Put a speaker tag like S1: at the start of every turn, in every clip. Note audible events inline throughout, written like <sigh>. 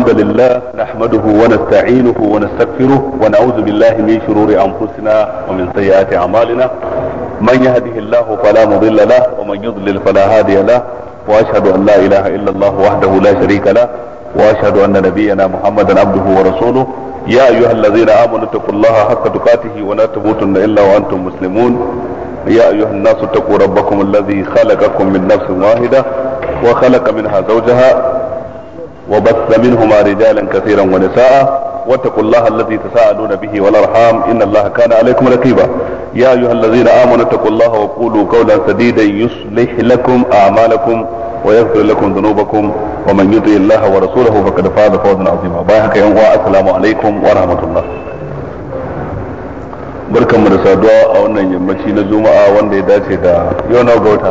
S1: الحمد لله نحمده ونستعينه ونستغفره ونعوذ بالله من شرور انفسنا ومن سيئات اعمالنا من يهده الله فلا مضل له ومن يضلل فلا هادي له واشهد ان لا اله الا الله وحده لا شريك له واشهد ان نبينا محمدا عبده ورسوله يا ايها الذين امنوا اتقوا الله حق تقاته ولا تموتن الا وانتم مسلمون يا ايها الناس اتقوا ربكم الذي خلقكم من نفس واحده وخلق منها زوجها وبث منهما رجالا كثيرا ونساء واتقوا الله الذي تساءلون به والارحام ان الله كان عليكم رقيبا يا ايها الذين امنوا اتقوا الله وقولوا قولا سديدا يصلح لكم اعمالكم ويغفر لكم ذنوبكم ومن يطع الله ورسوله فقد فاز فوزا عظيما بايعك يا السلام عليكم ورحمه الله barkanmu da saduwa a wannan yammaci na juma'a wanda ya dace da yau na ga wata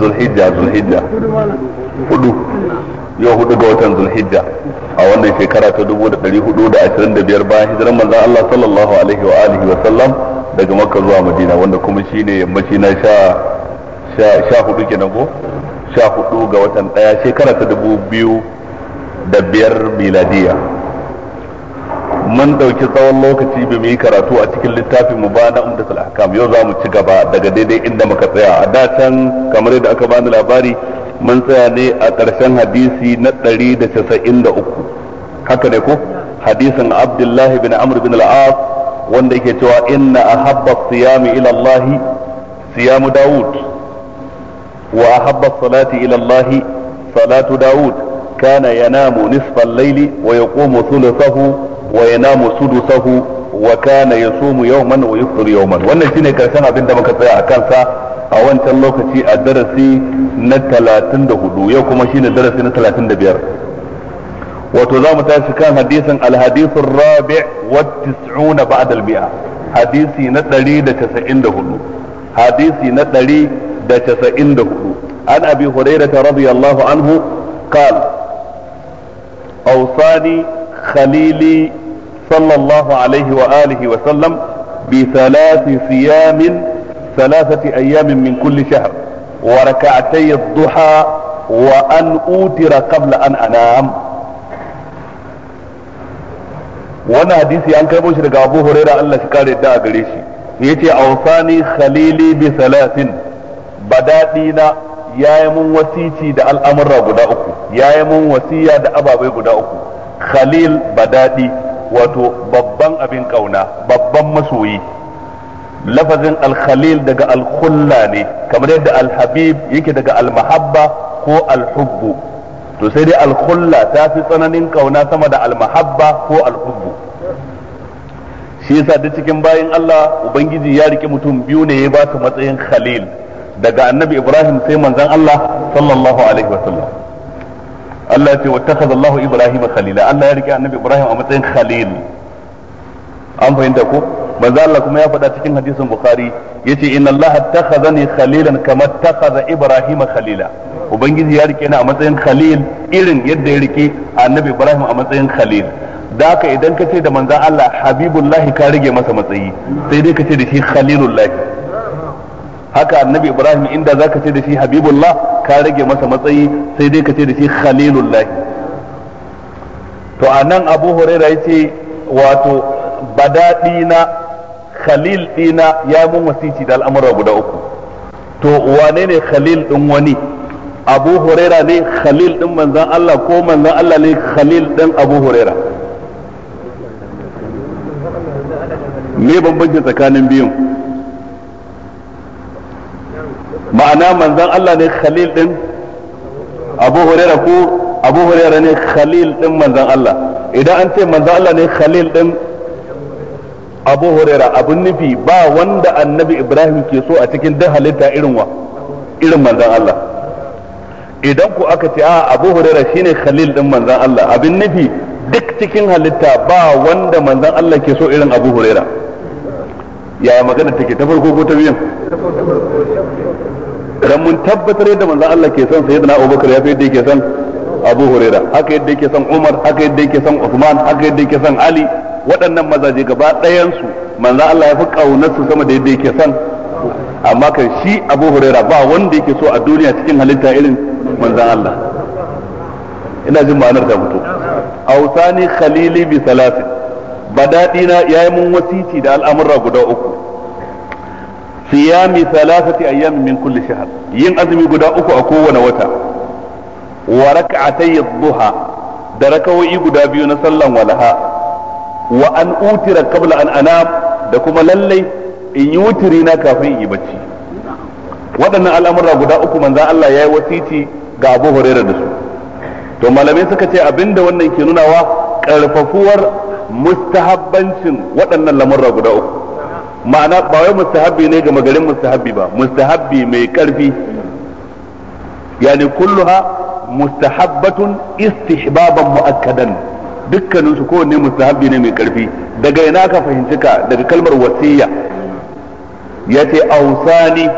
S1: zulhijja zulhijja hudu yau hudu ga watan zulhijja a wannan shekara ta dubu da da da hudu ashirin biyar bayan hijiran manzon Allah sallallahu alaihi wa alihi wa sallam daga makka zuwa madina wanda kuma shi ne yammaci na sha sha hudu kenan ko sha hudu ga watan daya shekara ta dubu biyu da biyar miladiya mun ɗauki tsawon lokaci bai yi karatu a cikin littafin mu ba na umdatul ahkam yau za mu ci gaba daga daidai inda muka tsaya a da can kamar yadda aka bani labari mun tsaya ne a ƙarshen hadisi na 193 haka ne ko hadisin abdullahi bin amr bin al-as wanda yake cewa inna ahabba siyami ila Allah siyamu daud wa ahabba salati ila Allah salatu daud kana yanamu nisfa al-layli wa yaqumu thuluthahu wa yanamu sudusahu wa kana yasumu yawman wa yufṭir yawman wannan shine karshen abin da muka tsaya a kansa a wancan lokaci a darasi na 34 yau kuma shine darasi na 35 wato za mu tashi kan hadisin alhadisun rabi wa tis'una ba'da al-mi'a hadisi na 194 hadisi na 194 an abi hurairah radiyallahu anhu qala أوصاني خليلي صلى الله عليه وآله وسلم بثلاث صيام ثلاثة ayyamimin kulli كل شهر وركعتي الضحى وأن أوتر قبل أن أنام wannan hadisi an karbo shi daga Abu Huraira Allah shi kare da a gare shi yace awsani khalili bi salatin badadi na yayi mun wasici da al'amura guda uku yayi mun wasiya da ababai guda uku khalil badadi wato babban abin ƙauna, babban masoyi lafazin al-khalil daga al-khulla ne kamar yadda al-habib yake daga al-mahabba ko al-hubbu to sai dai al-khulla ta fi tsananin kauna sama da al-mahabba ko al-hubbu shi yasa duk cikin bayin Allah ubangiji ya rike mutum biyu ne ya ba su matsayin khalil daga annabi Ibrahim sai manzon Allah sallallahu alaihi wasallam Allah ce wattakhadha Allahu Ibrahim khalila Allah ya rike annabi Ibrahim a matsayin khalil an fahimta ko manzo Allah kuma ya faɗa cikin hadisin bukhari yace inna Allah takhazani khalilan kama takhaza ibrahim khalila ubangiji ya rike ni a matsayin khalil irin yadda ya rike annabi ibrahim a matsayin khalil da idan ka ce da manzo Allah habibullah ka rage masa matsayi sai dai ka ce da shi khalilullah haka annabi ibrahim inda zaka ce da shi habibullah ka rage masa matsayi sai dai ka ce da shi khalilullah to anan abu huraira yace wato badadi na khalil dina ya mun wasici da al'amura guda uku to wane ne khalil din wani abu huraira ne khalil din manzan Allah ko manzan Allah ne khalil din abu huraira me bambanci tsakanin biyun ma'ana manzan Allah ne khalil din abu huraira ko abu huraira ne khalil din manzan Allah idan an ce manzan Allah ne khalil din abu huraira abun nufi ba wanda annabi ibrahim ke so a cikin duk halitta irin wa irin manzan Allah idan ku aka ce a abu huraira shine khalil din manzan Allah abin nufi duk cikin halitta ba wanda manzan Allah ke so irin abu huraira yaya magana take ta farko ko ta biyan dan mun tabbatar da manzan Allah ke son sayyidina abubakar ya fi yadda yake son abu huraira haka yadda yake son umar haka yadda yake son usman haka yadda yake son ali waɗannan mazaje gaba ɗayansu manzo Allah ya fi kaunarsu sama da yadda yake son amma kan shi Abu Huraira ba wanda yake so a duniya cikin halitta irin manzon Allah ina jin ma'anar da fito ausani khalili bi salatin badadi na yayi mun wasiti da al'amura guda uku siyami salasati ayyam min kulli shahr yin azumi guda uku a kowane wata wa rak'atay ad da rakawoyi guda biyu na sallan walaha wa an utira qabla an anam da kuma lallai in yi wutiri na kafin in yi bacci waɗannan al'amura guda uku manzan Allah ya yi wasiti ga Abu Hurairah da su to malamai suka ce abinda wannan ke nunawa karfafuwar mustahabbancin waɗannan lamurra guda uku ma'ana ba wai mustahabbi ne ga magarin mustahabbi ba mustahabbi mai karfi yani kulluha mustahabbatun istihbaban mu'akkadan dukkanin su kowanne mustahabbi ne mai karfi daga ina ka fahimci ka daga kalmar wasiya Ya ce ausani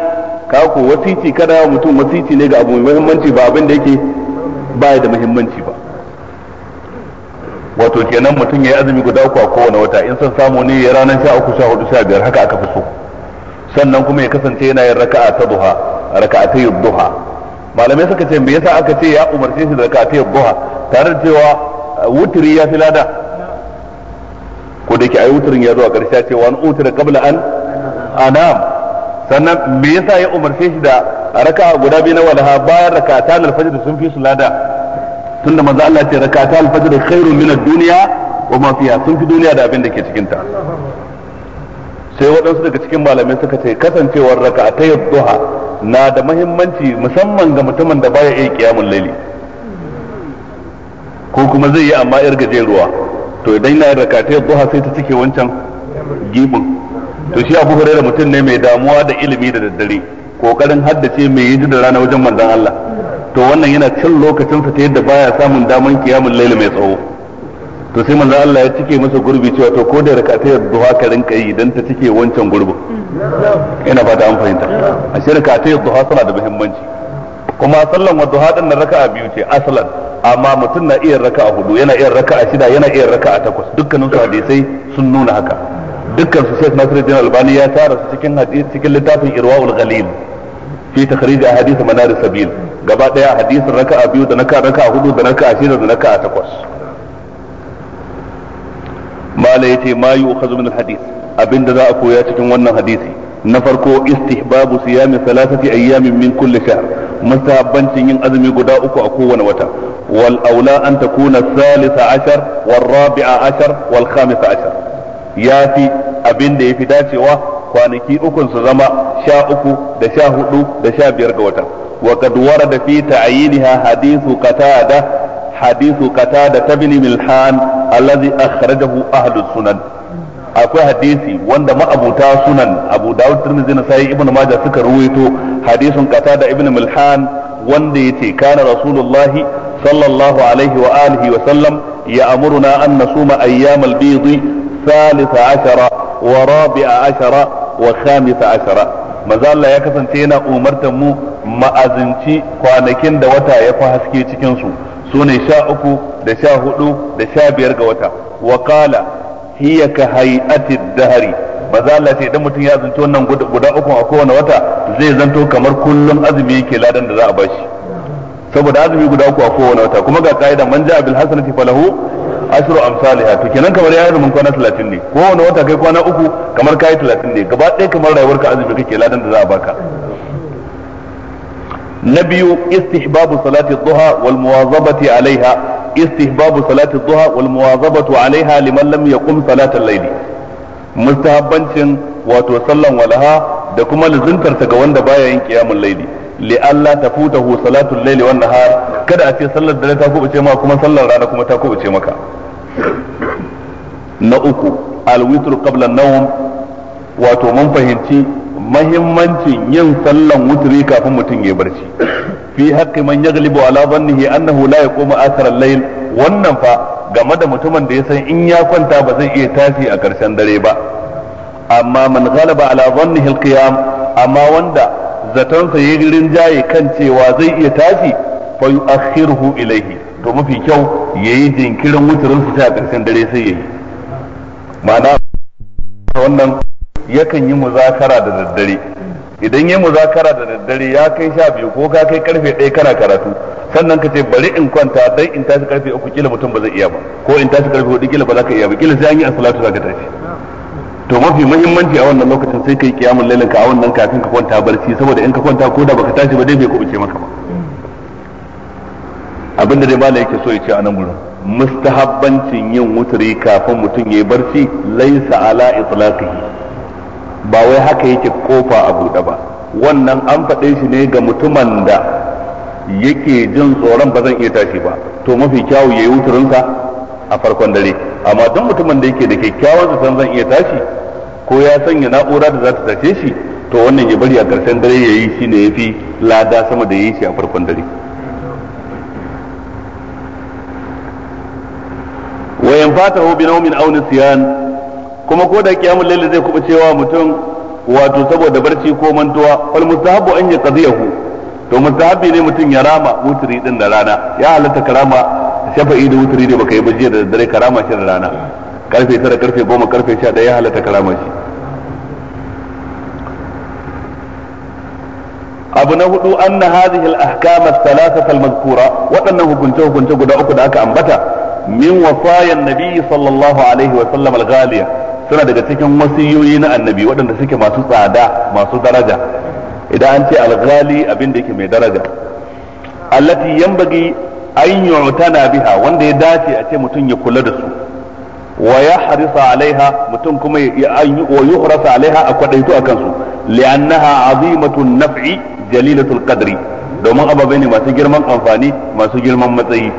S1: ka ko wasici kada wa mutum wasici ne ga abu mai muhimmanci ba abin da yake baya da muhimmanci ba wato kenan mutum ya yi azumi guda uku a kowane wata in san samu ne ya ranar sha uku sha hudu sha biyar haka aka fi so sannan kuma ya kasance yana yin raka'a ta duha raka'atai duha malamai suka ce me yasa aka ce ya umarce shi da raka'atai duha tare da cewa wuturi ya fi lada ko da ke ayi wuturin ya zo a ƙarshe ce wani utira kabla an anam sannan me yasa ya umarce shi da raka'a guda biyu na walaha bayan rakatan alfajr sun fi su lada tunda manzo Allah ce rakatan alfajr khairun min ad-dunya wa ma fiha sun fi duniya da abin da ke cikin ta sai waɗansu daga cikin malamai suka ce kasancewar ta yadduha na da muhimmanci musamman ga mutumin da baya iya kiyamul laili ko kuma zai yi amma yar gajeruwa to idan yana rakatai buha sai ta cike wancan gibin to shi abu hurairah mutum ne mai damuwa da ilimi da daddare kokarin haddace mai yi da rana wajen manzon Allah to wannan yana cin lokacinsa ta yadda baya samun daman kiyamul laila mai tsawo to sai manzon Allah ya cike masa gurbi cewa to ko da ya duha ka rinka yi dan ta cike wancan gurbin ina fata an fahimta a shirka ta duha suna da muhimmanci kuma sallan wa duha din raka'a biyu ce asalan amma mutum na iya raka'a hudu yana iya raka'a shida yana iya raka'a takwas dukkanin su hadisai sun nuna haka dukkan su Sheikh Nasiruddin Albani ya tara su cikin hadisi cikin littafin Irwaul Ghalil fi takhrij ahadith manar sabil gaba daya hadisin raka'a biyu da naka raka'a hudu da naka shida da naka takwas mala yace ma yu'khadhu min alhadith abinda za a koya cikin wannan hadisi na farko istihbabu siyami thalathati ayyamin min kulli shahr mustahabbancin yin azumi guda uku a kowane wata wal aula an takuna thalitha ashar wal rabi'a ashar wal khamisa ashar yafi abin da yafi dacewa kwanaki ukun su zama sha uku da sha hudu da sha biyar ga wata wa qad warada fi hadisu hadithu qatada hadithu qatada tabni milhan alladhi akhrajahu ahlus sunan akwai hadisi wanda ma'abuta sunan abu dawud tirmidhi na sai ibn majah suka ruwaito hadisin da ibn milhan wanda yace kana rasulullahi sallallahu alaihi wa alihi wa sallam ya amuruna an nasuma ayyam al salisa ashara wa rabi'a ashara wa khamisa ashara manzo Allah ya kasance yana umartar mu ma'azinci kwanakin da wata ya fi haske cikin su sune uku da sha hudu da sha biyar ga wata wa hiya ka hay'ati dahari ba za Allah ce idan mutum ya zanci wannan guda uku a kowane wata zai zanto kamar kullum azumi yake ladan da za a bashi saboda azumi guda uku a kowane wata kuma ga ka'ida man ja'a bil hasanati falahu ashru amsalha to kenan kamar yayi azumin kwana 30 ne kowane wata kai kwana uku kamar kai 30 ne gaba ɗaya kamar rayuwarka azumi kake ladan da za a baka na biyu istihbabu salati dhuha wal muwazabati alaiha istihbabu salati duha wal muwazabatu alaiha liman lam yaqum salatal layli mustahabbancin wato sallan walaha da kuma luzuntarta ga wanda baya yin qiyamul layli li alla tafutahu salatul layli wan nahar kada a ce sallar dare ta kubuce maka kuma sallar rana kuma ta kubuce maka na uku alwitr qabla an-nawm wato mun fahimci mahimmancin yin sallar wuturi kafin mutum ya barci fi haqqi man yaglibu ala dhannihi annahu la yaqumu akhar al-layl wannan fa game da mutumin da ya san in ya kwanta ba zai iya tashi a karshen dare ba amma man ghalaba ala dhannihi al-qiyam amma wanda zaton sa yayi rinjaye kan cewa zai iya tashi fa yu'akhkhiruhu ilayhi to mafi kyau yayi jinkirin wuturin su a ƙarshen dare sai yayi ma'ana wannan yakan yi muzakara da daddare idan yi muzakara da daddare ya kai sha biyu ko ka kai karfe ɗaya kana karatu sannan ka ce bari in kwanta dan in tashi karfe uku kila mutum ba zai iya ba ko in tashi karfe hudu kila ba za ka iya ba kila sai an yi asalatu za ka tashi to mafi muhimmanci a wannan lokacin sai yi kiyamun lailin ka a wannan kafin ka kwanta barci saboda in ka kwanta ko da baka tashi ba dai bai ce maka ba abin da dai ba yake so ya ce a nan gurin mustahabbancin yin wuturi kafin mutum ya yi barci laisa ala itlaqihi ba wai haka yake kofa a buɗe ba wannan an faɗe shi ne ga mutumin da yake jin tsoron ba zan iya tashi ba to mafi kyawu yi wuturinsa a farkon dare amma duk mutumin da yake da kyakkyawan zaton zan iya tashi ko ya sanya na'ura da za ta tashe shi to wannan ya bari a ƙarshen dare ya yi shi ne ya fi lada sama da ya yi shi a farkon dare wayan fata hobi na naumin aunin siyan kuma ko da kiyamul layl zai kuma cewa mutum wato saboda barci ko mantuwa fal mustahabu an yaqdiyahu to mustahabi ne mutum ya rama wutri din da rana ya halatta karama shafa da wutri ne baka yi ba jiya da dare karama shi da rana karfe 9 karfe 10 karfe 11 ya halatta karama shi abu na hudu anna hadhihi al-ahkam ath-thalathah al-madhkura wadannan hukunce hukunce guda uku da aka ambata min wafayan nabi sallallahu alaihi wa sallam al-ghaliya suna daga cikin wasiyoyi na annabi waɗanda suke masu tsada masu daraja idan an ce alghali abin da yake mai daraja allati yanbaghi an yu'tana biha wanda ya dace a ce mutum ya kula da su wa yahrisa alaiha mutum kuma ya yuhrasa alaiha a kwadaitu akan su li'annaha azimatun naf'i jalilatul qadri domin ababai ne masu girman amfani masu girman matsayi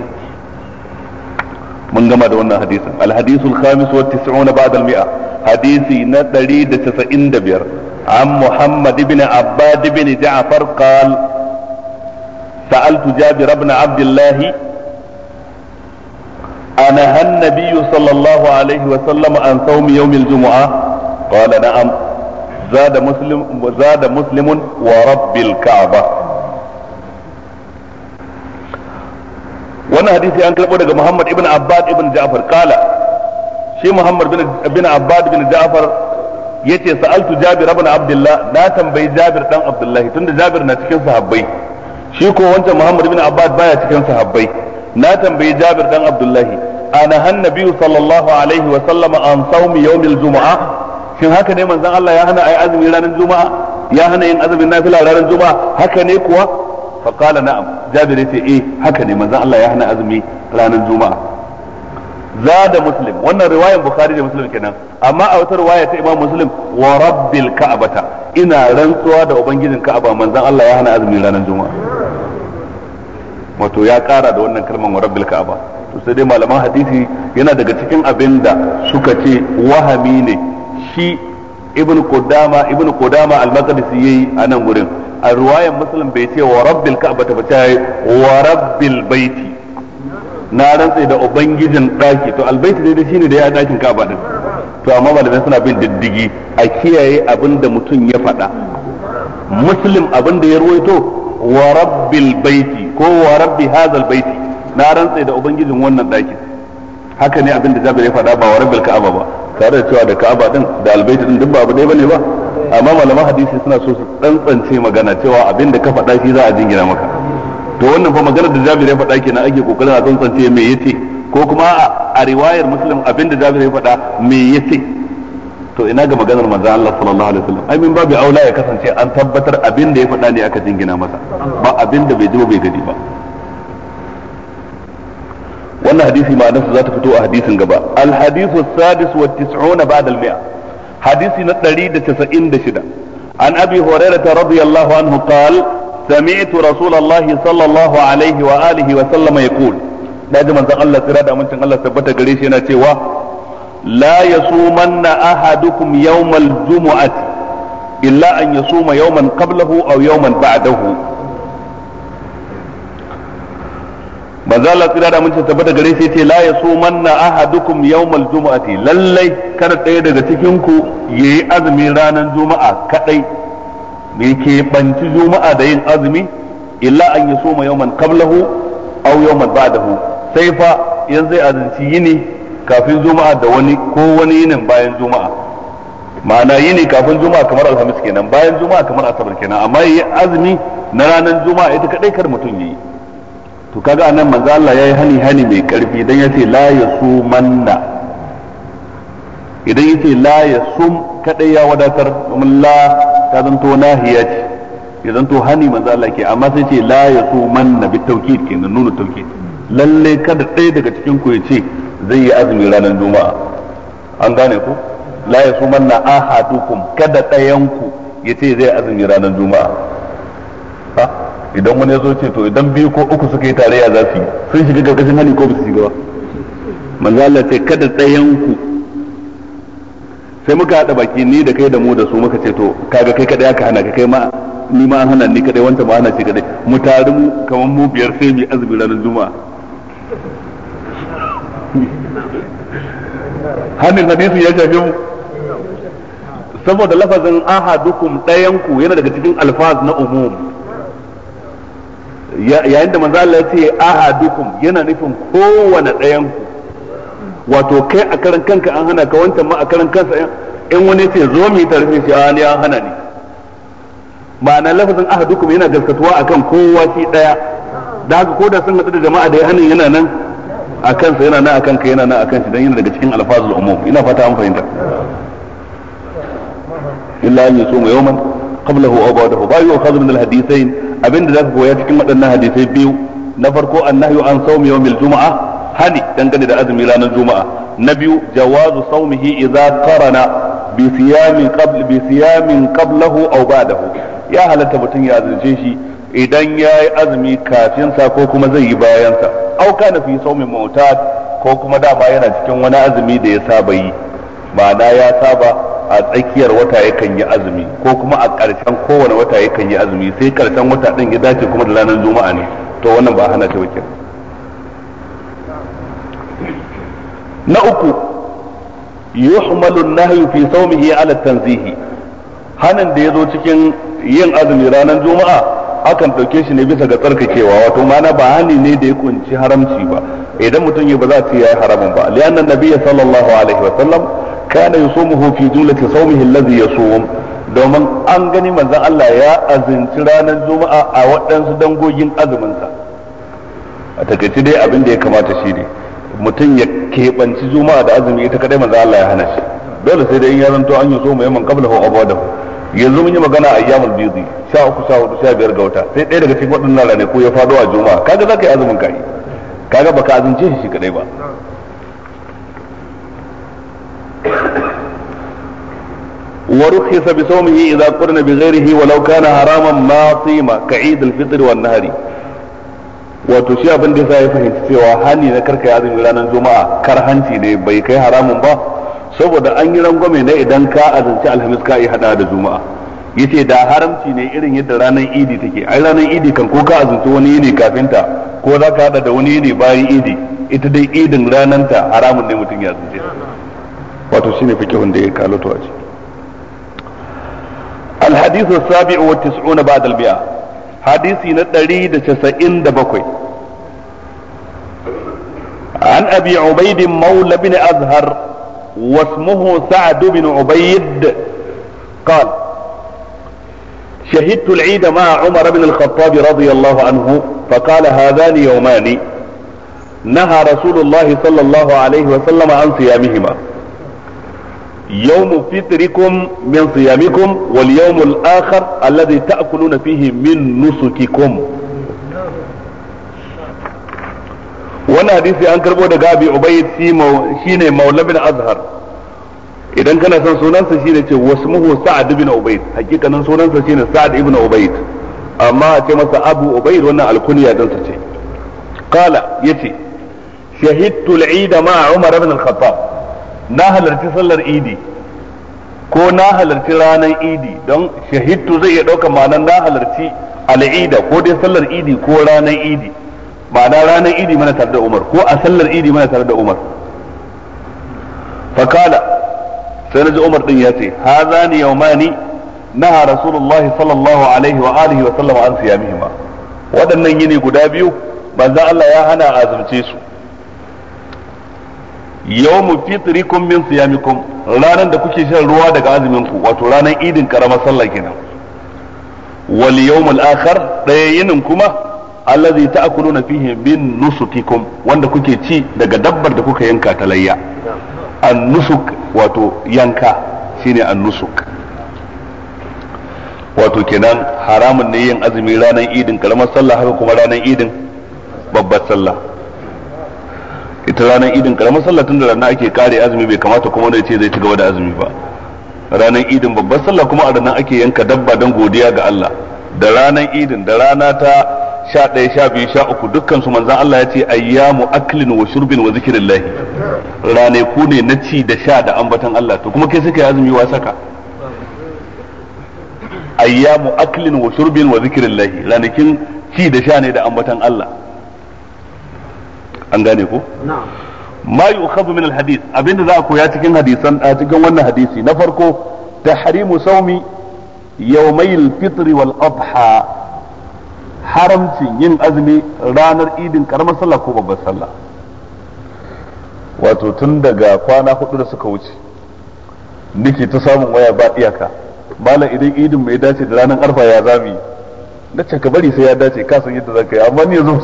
S1: من جمع دون حديث الحديث الخامس والتسعون بعد المئة حديثي نتري دتسعين دبير عن محمد بن عباد بن جعفر قال سألت جابر بن عبد الله أنهى النبي صلى الله عليه وسلم عن صوم يوم الجمعة قال نعم زاد مسلم زاد مسلم ورب الكعبة wannan hadisi an karɓo daga Muhammad ibn Abbad ibn Ja'far kala shi Muhammad ibn Abbad ibn Ja'far yace sa'altu Jabir ibn Abdullah na tambayi Jabir dan Abdullah tunda Jabir na cikin sahabbai shi ko wancan Muhammad ibn Abbad baya cikin sahabbai na tambayi Jabir dan Abdullah ana hannabi sallallahu alaihi wa sallama an saumi yawmil jumu'a shin haka ne manzon Allah ya hana ai azumi ranar juma'a ya hana yin azumin nafila ranar juma'a haka ne kuwa fa qala na'am jabir yace eh haka ne manzon Allah ya hana azumi ranar juma'a zada muslim wannan riwayar bukhari da muslim kenan amma a wata riwaya ta imam muslim wa rabbil ka'bata ina rantsuwa da ubangijin ka'aba manzon Allah ya hana azumi ranar juma'a wato ya kara da wannan kalmar wa rabbil ka'aba to sai dai malaman hadisi yana daga cikin abin da suka ce wahami ne shi ibn qudama ibn qudama al-maqdisi yayi a nan gurin a ruwayan musulun bai ce wa rabbil ka'ba ta bace wa rabbil baiti na rantsa da ubangijin daki to albaiti dai da shine da ya dakin ka'ba din to amma malamai suna bin diddigi a kiyaye abin da mutum ya faɗa muslim abin da ya ruwaito wa rabbil baiti ko wa rabbi hadzal baiti na rantsa da ubangijin wannan dakin haka ne abin da Jabir ya faɗa ba wa rabbil ka'aba ba tare da cewa da ka'aba din da albaiti din duk ba abu ɗaya bane ba amma malaman hadisi suna so su tsantsance magana cewa abin da ka faɗa shi za a jingina maka to wannan fa maganar da Jabir ya faɗa kenan ake kokarin a tsantsance me yace ko kuma a riwayar Muslim abin da Jabir ya faɗa me yace to ina ga maganar manzo Allah sallallahu alaihi wasallam ai min babu aula ya kasance an tabbatar abin da ya faɗa ne aka jingina masa ba abin da bai ji bai gadi ba wannan hadisi ma'anarsa za ta fito a hadisin gaba al hadithu sadis wa tis'una ba'da al mi'a hadisi na 196 an abi hurairah radiyallahu anhu qala sami'tu rasulullahi sallallahu alaihi wa alihi wa sallama yaqul daji manzon Allah tsira da amincin Allah tabbata gare yana cewa la yasumanna ahadukum yawmal jumu'ati illa an yasuma yawman qablahu aw yawman ba'dahu manzo Allah sai da mutunta tabbata gare shi yace la yasumanna ahadukum yawmal jumu'ati lallai kada ɗaya daga cikin ku yayi azumin ranar juma'a kadai me ke banci juma'a da yin azumi illa an yasuma yawman qablahu aw yawman ba'dahu sai fa yanzu azanci yini kafin juma'a da wani ko wani yinin bayan juma'a ma'ana yini kafin juma'a kamar alhamis kenan bayan juma'a kamar asabar kenan amma yayi azumi na ranar juma'a ita kadai kar mutum yayi to kaga anan manzo Allah yayi hani hani mai karfi dan yace la yasumanna idan yace la yasum kadai ya wadatar domin la ta zanto nahiya ce ya zanto hani manzo Allah ke amma sai ce la yasumanna bi tawkid kenan nunu tawkid lalle kada ɗaya daga cikin ku yace zai yi azumi ranar juma'a an gane ku la yasumanna ahadukum kada ɗayan ku yace zai azumi ranar juma'a idan wani ya zo ce to idan biyu ko uku suka yi tarayya za su yi sun shiga gargashin hali ko ba su shiga ba manzo Allah ce kada tsayan ku sai muka hada baki ni da kai da mu da su muka ce to kaga kai kada ka hana ka kai ma ni ma hana ni kada wanda ma hana shi kada mu tare mu kamar mu biyar sai mu azumi ranar juma'a hannun hadisin ya shafi mu saboda lafazin ahadukum dayanku yana daga cikin alfaz na umum yayin da manzo Allah ya ce ahadukum yana nufin kowane ɗayan ku wato kai a karan kanka an hana ka wancan ma a karan kansa in wani ce zo mu yi tarihi shi a ah, ni an hana ni ma'ana lafazin ahadukum yana gaskatuwa akan kowa shi daya da haka ko da sun hadu da jama'a da ya hanin yana nan a kansa yana nan a kanka yana nan a kansa dan yana daga cikin alfazul umum ina fata an fahimta illa an yusuma yawman qablahu aw ba'dahu ba yu'khadhu min al-hadithain abinda zaka koya cikin waɗannan hadisai biyu na farko annahyu an sawmi yawmil juma'a hani dangane da azumi ranar juma'a na biyu jawazu sawmihi idza qarana bi siyamin qabl bi siyamin qablahu aw ba'dahu ya halatta mutum ya azurce shi idan ya yi azumi kafin sa ko kuma zai yi bayan sa aw kana fi sawmin mu'tad ko kuma dama yana cikin wani azumi da ya saba yi ma'ana ya saba a tsakiyar wata yakan yi azumi ko kuma a ƙarshen kowane wata yakan yi azumi sai ƙarshen wata ɗin ya dace kuma da ranar juma'a ne to wannan ba hana ta ba na uku yuhmalu nahyu fi sawmihi ala tanzihi hanan da ya zo cikin yin azumi ranar juma'a akan ɗauke shi ne bisa ga tsarkakewa wato mana ba hani ne da ya kunci haramci ba idan mutum ya ba za ta yi haramun ba li'anna Nabiya sallallahu alaihi wa sallam kana yusumuhu fi jumlati sawmihi alladhi yasum domin an gani manzon Allah ya azinci ranar juma'a a waɗansu dangogin azuminsa a takaice dai abin da ya kamata shi ne mutum ya keɓanci juma'a da azumi ita kadai manzon Allah ya hana shi dole sai dai in ya zanto an yi so mai man qablahu aw ba'dahu yanzu mun yi magana a ayyamul bidi hudu sha biyar ga wata sai ɗaya daga cikin waɗannan ranaku ya faɗo a juma'a kaga zaka yi azumin kai kaga baka azince shi kadai ba ورخص بصومه إذا قرن بغيره ولو كان حراما معصيما كعيد الفطر hari? wato shi abin da ya fahimci cewa hani na karka azumi ranar juma'a hanci ne bai kai haramun ba saboda an yi rangwame na idan ka azanci alhamis ka yi hada da juma'a yace da haramci ne irin yadda ranar idi take ai ranar idi kan ko ka azanci wani yini kafin ta ko za ka hada da wani yini bayan idi ita dai idin ranar ta haramun ne mutum ya azanci wato shine fikihun da ya kalato الحديث السابع والتسعون بعد المئة حديثي نتري دشسئن دبكوي عن أبي عبيد مولى بن أزهر واسمه سعد بن عبيد قال شهدت العيد مع عمر بن الخطاب رضي الله عنه فقال هذان يومان نهى رسول الله صلى الله عليه وسلم عن صيامهما yawmu fitrikum min siyamikum wal yawmul akhar alladhi ta'kuluna fihi min nusukikum wannan hadisi an karɓo da gabi ubayd shine maula bin azhar idan kana son sunansa shine ce wasmuhu sa'ad bin ubayd hakikanin sunansa shine sa'ad ibn ubayd amma a ce masa abu ubayd wannan alkunya dan sa ce qala yace shahidtu al-eid ma'a umar ibn al na halarci sallar idi ko na halarci ranar idi don shahidtu zai iya ɗauka ma'anar na halarci al'ida ko dai sallar idi ko ranar idi ma'ana ranar idi mana tare da umar ko a sallar idi mana tare da umar fakala sai na ji umar din ya ce haza ni na ha rasulullahi sallallahu alaihi wa alihi wa sallam an siya siyamihima waɗannan yini guda biyu banza Allah ya hana azumce su yawmu fitrikum min siyamikum ranan da kuke shan ruwa daga azumin ku wato ranan idin karamar sallah kenan wal yawmul akhar daya yinin kuma allazi ta'kuluna fihi bin nusukikum wanda kuke ci daga dabbar da kuka yanka ta layya an nusuk wato yanka shine an nusuk wato kenan haramun ne yin azumi ranar idin karamar sallah haka kuma ranar idin babbar sallah ita ranar idin karamar sallah tun da rana ake kare azumi bai kamata kuma wanda ce zai ci gaba da azumi ba ranar idin babbar sallah kuma a ranar ake yanka dabba don godiya ga Allah da ranar idin da rana ta sha ɗaya sha biyu sha uku dukkan su manzan Allah ya ce ayyamu aklin wa shurbin wa zikirin lahi ranaku ne na ci da sha da ambatan Allah to kuma kai suka yi azumi wa saka ayyamu aklin wa shurbin wa zikirin lahi ranakin ci da sha ne da ambatan Allah an gane ko ma yu'khadhu min al abinda za a koya cikin hadisan a cikin wannan hadisi na farko tahrimu sawmi yawmay al-fitr wal adha haramcin yin azumi ranar idin karamar sallah ko babbar sallah wato tun daga kwana hudu da suka wuce nake ta samun waya ba iyaka malam idan idin mai dace da ranar arfa ya zami na ka bari sai ya dace ka san yadda zaka yi amma ni yanzu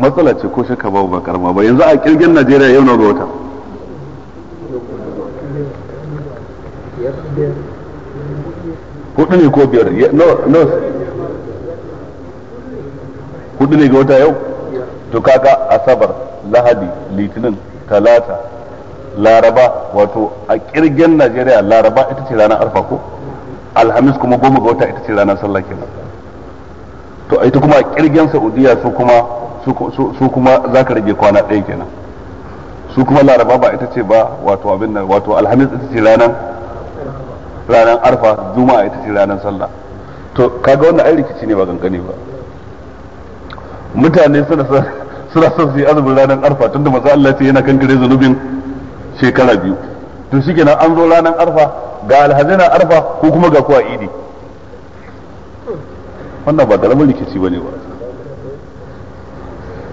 S1: matsala ce ko shakka babu ba karama ba yanzu a kirgin najeriya yau na wata hudu ne ko biyar hudu ne ga wata yau to asabar lahadi litinin talata laraba wato a kirgin najeriya laraba ita ce ranar arfa ko alhamis kuma goma ga wata ita ce ranar sallah kenan to ita kuma a kirgin saudiya su kuma su kuma za ka rage kwana ɗaya kenan su kuma laraba ba ita ce ba wato abin nan wato alhamis ita ce ranar ranar arfa juma'a ita ce ranar sallah to kaga wannan ai rikici ne ba gangane ba mutane suna suna son su yi azumin ranar arfa tunda manzo Allah ce yana kankare zanubin shekara biyu to shikenan an zo ranar arfa ga alhazina arfa ko kuma ga kuwa idi wannan ba karamin rikici ba ne ba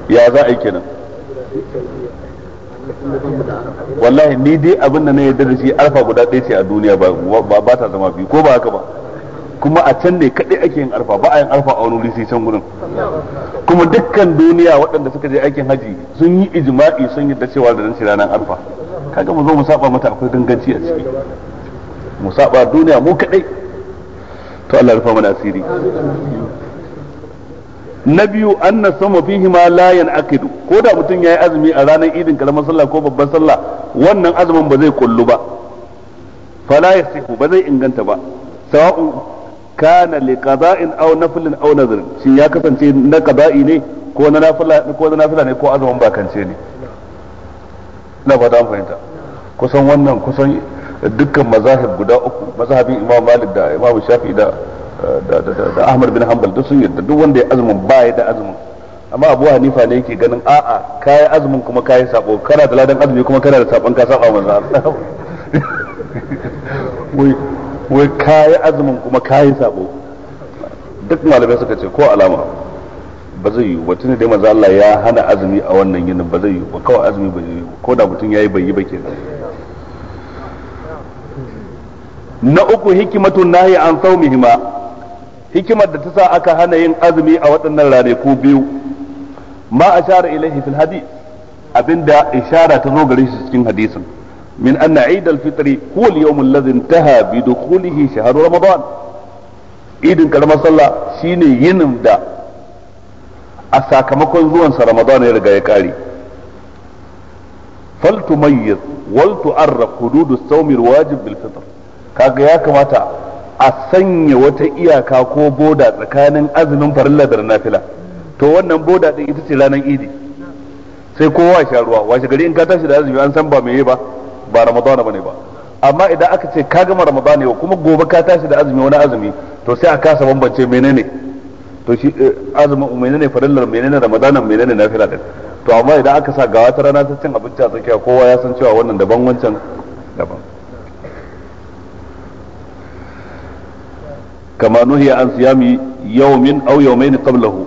S1: ya za a yi kenan wallahi ni dai abin da na yarda da shi alfa guda ɗaya ce a duniya ba ba ta zama biyu ko ba haka ba kuma a can ne kaɗai ake yin alfa ba a yin alfa a wani wuri sai can gudun kuma dukkan duniya waɗanda suka je aikin haji sun yi ijma'i sun yarda cewa da nanci ranar alfa kaga mu zo mu saba mata akwai danganci a ciki mu saba duniya mu kaɗai to Allah rufa mana asiri na biyu na sama fi hima layan akidu ko da mutum ya yi azumi a ranar idin karamar sallah ko babban sallah wannan azumin ba zai kullu ba fala sifu ba zai inganta ba sawa'un kana li qada'in aw naflin aw nadhr shin ya kasance na qada'i ne ko na nafila ko na nafila ne ko azumin ba kance ne na ba ta fahimta kusan wannan kusan dukkan mazahib guda uku mazhabin imam malik da imam shafi'i da da Ahmad bin Hanbal duk sun yadda duk wanda ya azumin ba ya da azumin amma Abu Hanifa ne yake ganin a'a kai azumin kuma kai sabo kana da ladan azumi kuma kana da sabon ka saba manzo Allah <laughs> wai wai kai azumin kuma kai sabo duk malamai suka ce ko alama ba zai yi ba tunda dai manzo Allah ya hana azumi a wannan yinin ba zai yi ba kawai azumi ba zai yi ko da mutum yayi bai yi ba kenan na uku hikimatun nahi an saumihima hikimar da ta sa aka hana yin azumi a waɗannan ranaku biyu ma shara ilaihi fil hadith abinda ishara ta zo gare shi cikin hadisin min anna eid al fitri huwa al yawm alladhi intaha bi dukhulihi shahr ramadan idin karamar sallah shine yinin da a sakamakon zuwan sa ramadan ya riga ya kare faltumayyiz wal tu'arraf hududus sawmi al wajib bil fitr kaga ya kamata a sanya wata iyaka ko boda tsakanin azumin farilla da nafila to wannan boda din ita ce ranar idi sai kowa sha ruwa washe gari in ka tashi da azumi an san ba meye ba ba ramadana bane ba amma idan aka ce ka gama ramadana yau kuma gobe ka tashi da azumi wani azumi to sai a kasa bambance menene to shi eh, azumin menene farillar menene ramadana menene nafila din to amma idan aka sa ga wata rana ta cin abinci a tsakiya kowa ya san cewa wannan daban wancan daban kama nuhiya an siyami yawmin aw yawmayn qablahu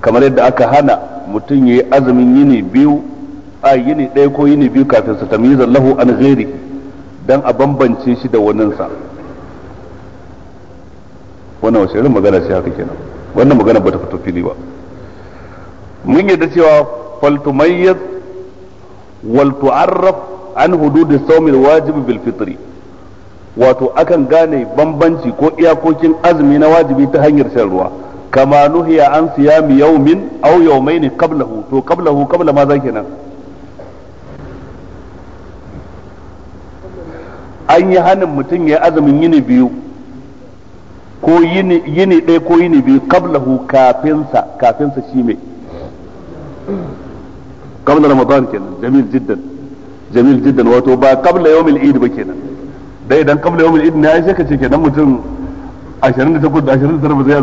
S1: kamar yadda aka hana mutum yayi azumin yini biyu a yini ɗaya ko yini biyu kafin sa tamyizan lahu an ghairi dan a bambance shi da waninsa wannan wace irin magana ce haka kenan wannan magana bata fito fili ba mun yadda cewa faltumayyaz wal tu'arraf an hudud as-sawm al-wajib bil fitri wato akan gane bambanci ko iyakokin azumi na wajibi ta hanyar shan ruwa kama nuhiya an siyami yaumin aw yawmayn qablahu to qablahu qabla ma zaki nan an yi hanin mutum ya azumin yini biyu ko yini ɗaya ko yini biyu qablahu kafinsa kafinsa shi mai qabla ramadan kenan jamil jiddan jamil jiddan wato ba qabla yawmil eid ba kenan da idan kabla idin ya ce kenan mutum 28 da 29 ba zai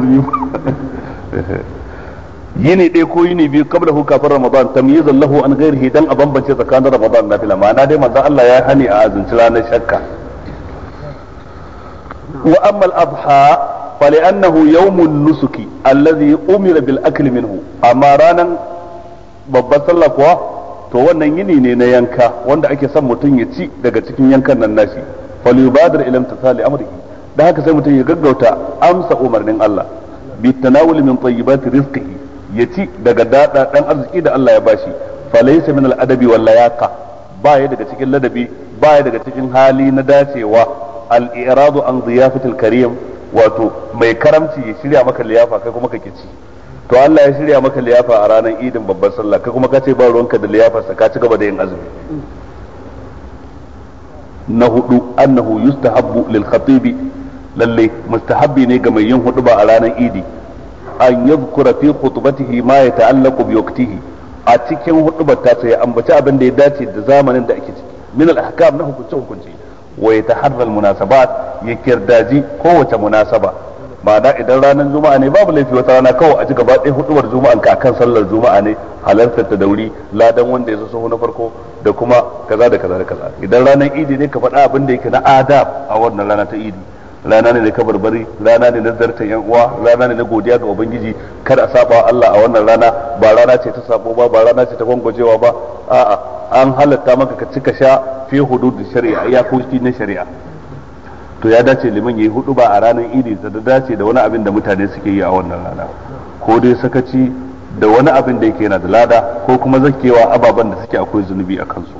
S1: <laughs> yini ɗaya ko yini biyu kabla hu kafin ramadan tamyizan an ghairihi dan a bambance tsakanin ramadan na fila ma'ana dai manzo Allah ya hani a azunci ranar shakka wa Abha, al Annahu, فلأنه Nusuki, النسك الذي أمر بالأكل منه Amma رانا babban sallah kuwa to wannan yini ne na yanka wanda ake son mutum ya ci daga cikin yankan nan nashi fal yubadir ila imtithali amrihi da haka sai mutum ya gaggauta amsa umarnin Allah bi tanawul min tayyibati rizqihi ya ci daga dada dan arziki da Allah ya bashi falaysa min al-adabi wal layaqa baya daga cikin ladabi baya daga cikin hali na dacewa al-i'radu an ziyafatil karim wato mai karamci ya shirya maka liyafa kai kuma kake ci to Allah ya shirya maka liyafa a ranar idin babbar sallah kai kuma ka ce ba ruwanka da liyafarsa ka ci gaba da yin azumi na hudu annahu yustahabbu lil khatibi lalle mustahabbi ne ga mai yin hudu ba a ranar idi an yadhkura fi khutbatihi ma yata'allaqu bi waqtihi a cikin hudubar ta sai ambaci abin da ya dace da zamanin da ake ciki min al ahkam na hukunci-hukunci, wa yataharra al munasabat ya kirdaji kowace munasaba ba da idan ranar juma'a ne babu laifi wata rana kawai a ji gaba ɗaya huduwar juma'an ka kan sallar juma'a ne halartar ta dauri ladan wanda ya zo na farko da kuma kaza da kaza da kaza idan ranar idi ne ka faɗa abin da yake na adab a wannan rana ta idi rana ne na kabarbari rana ne na zartar yan uwa rana ne na godiya ga ubangiji kada a saba Allah a wannan rana ba rana ce ta sabo ba ba rana ce ta gwangwajewa ba a'a an halatta maka ka cika sha fi hudud shari'a iyakoki na shari'a to ya dace liman yayi hudu ba a ranar idi da dace da wani abin da mutane suke yi a wannan rana ko dai sakaci da wani abin da yake yana da lada ko kuma zakewa ababen da suke akwai zunubi a kansu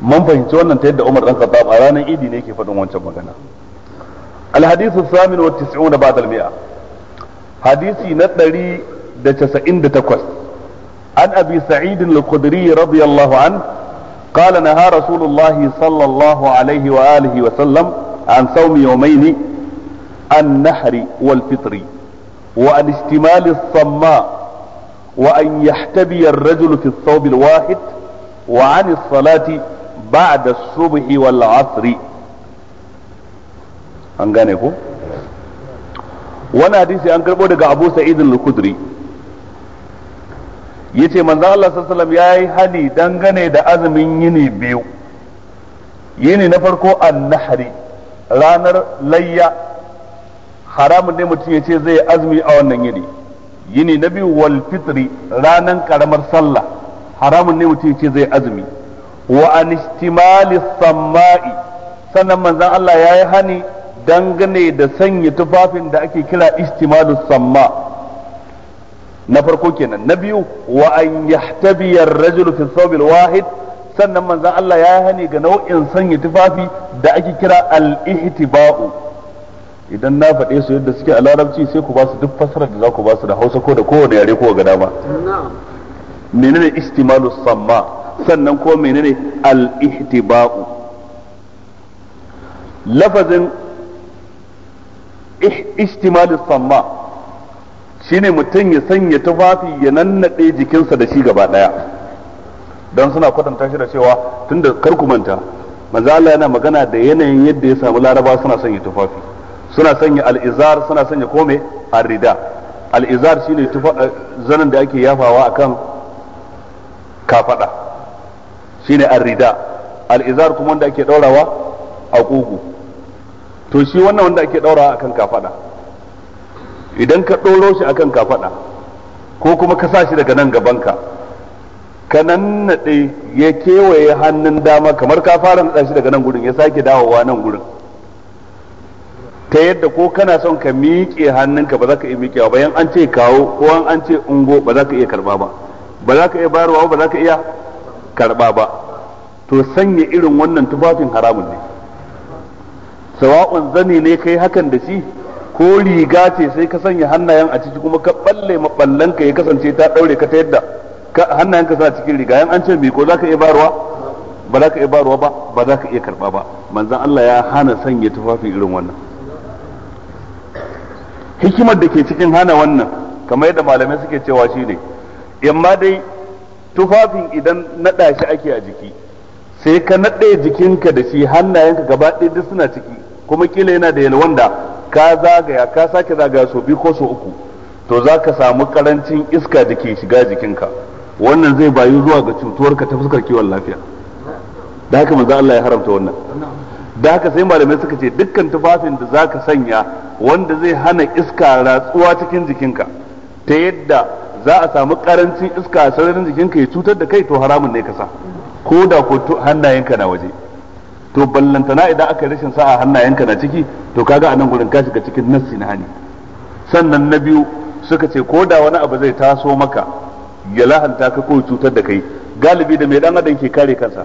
S1: mun fahimci wannan ta yadda Umar dan Khattab a ranar idi ne yake faɗin wancan magana الحديث الثامن والتسعون بعد al-mi'a hadisi na 198 an abi sa'id al رضي radiyallahu an. قال نهى رسول الله صلى الله عليه وآله وسلم عن صوم يومين النحر والفطر وأن اشتمال الصماء وأن يحتبي الرجل في الثوب الواحد وعن الصلاة بعد الصبح والعصر an gane ko wani hadisi an karbo daga abu sa'id al-khudri yace manzon Allah sallallahu alaihi wasallam yayi hani dangane da azumin yini biyu yini na farko annahri ranar layya haramun ne mutum ya ce zai azumi a wannan yini yini na biyu wal fitri ranar karamar sallah haramun ne mutum ya ce zai azumi wa an istimali samma'i sannan manzon Allah yayi hani dangane da sanya tufafin da ake kira istimalu samma na farko kenan na biyu wa an yahtabiya rajulu fi thawbil wahid sannan manzan Allah ya hani ga nau'in sanya tufafi da ake kira al-ihtiba'u idan na faɗe su yadda suke a larabci sai ku ba su duk fasarar da za ku ba su da Hausa ko da kowane yare ko ga dama menene istimalu samma sannan ko menene al-ihtiba'u lafazin istimalu samma shine mutum ya sanya tufafi ya nannade jikinsa da shi gaba daya don suna kwatanta shi da cewa tunda kar ku manta manzo Allah yana magana da yanayin yadda ya samu laraba suna sanya tufafi suna sanya al'izar suna sanya kome arrida al'izar shine eh, zanen da ake yafawa akan kafada shine arida. al'izar kuma wanda ake daurawa a kugu to shi wannan wanda ake daurawa akan kafada idan ka ɗoro shi akan kafaɗa ko kuma ka sa shi daga nan gabanka ka nan naɗe ya kewaye hannun dama kamar ka fara naɗa shi daga nan gurin ya sake dawowa nan gurin ta yadda ko kana son ka miƙe hannunka ba za ka iya miƙewa bayan an ce kawo ko an ce ungo ba za ka iya karɓa ba ba za ka iya bayarwa ba za ka iya karɓa ba to sanya irin wannan tufafin haramun ne sawa'un zani ne kai hakan da shi ko riga ce sai ka sanya hannayen a ciki kuma ka balle maballanka ya kasance ta daure ka ta yadda hannayenka suna cikin riga yan an ce mai ko ka iya baruwa ba za ka iya baruwa ba ba za ka iya karba ba manzan Allah ya hana sanya tufafin irin wannan hikimar da ke cikin hana wannan kamar yadda malamai suke cewa shi ne, yamma dai tufafin idan naɗa shi ake a jiki sai ka naɗe jikinka da shi hannayenka gaba ɗaya duk suna ciki kuma kila yana da yalwanda ka zagaya ka sake zagaya so biyu ko so uku to za ka samu karancin iska da ke shiga jikinka wannan zai bayu zuwa ga cutuwarka ta fuskar kiwon lafiya da haka manzo Allah ya haramta wannan da haka sai malamai suka ce dukkan tufafin da za ka sanya wanda zai hana iska ratsuwa cikin jikinka ta yadda za a samu karancin iska a sararin jikinka ya cutar da kai to haramun ne ka sa ko da ko hannayenka na waje to ballantana idan aka yi rashin sa'a hannayenka na ciki to kaga anan gurin ka shiga cikin nassi na hani sannan na biyu suka ce ko da wani abu zai taso maka ya lahanta ka ko cutar da kai galibi da mai dan adam ke kare kansa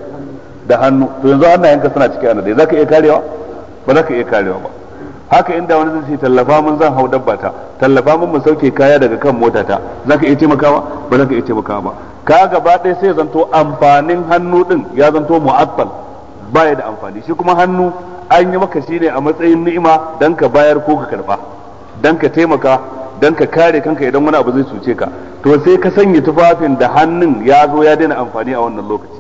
S1: da hannu to yanzu hannayenka suna ciki ana dai zaka iya karewa ba zaka iya karewa ba haka inda wani zai ce tallafa mun zan hau dabba ta tallafa mun mu sauke kaya daga kan mota ta zaka iya taimakawa ba zaka iya taimakawa ba ka gaba ɗaya sai zanto amfanin hannu din ya zanto mu'attal baya da amfani shi kuma hannu an yi maka shi ne a matsayin ni'ima dan ka bayar ko ka karba dan ka taimaka dan ka kare kanka idan wani abu zai cuce ka to sai ka sanya tufafin da hannun ya zo ya daina amfani a wannan lokaci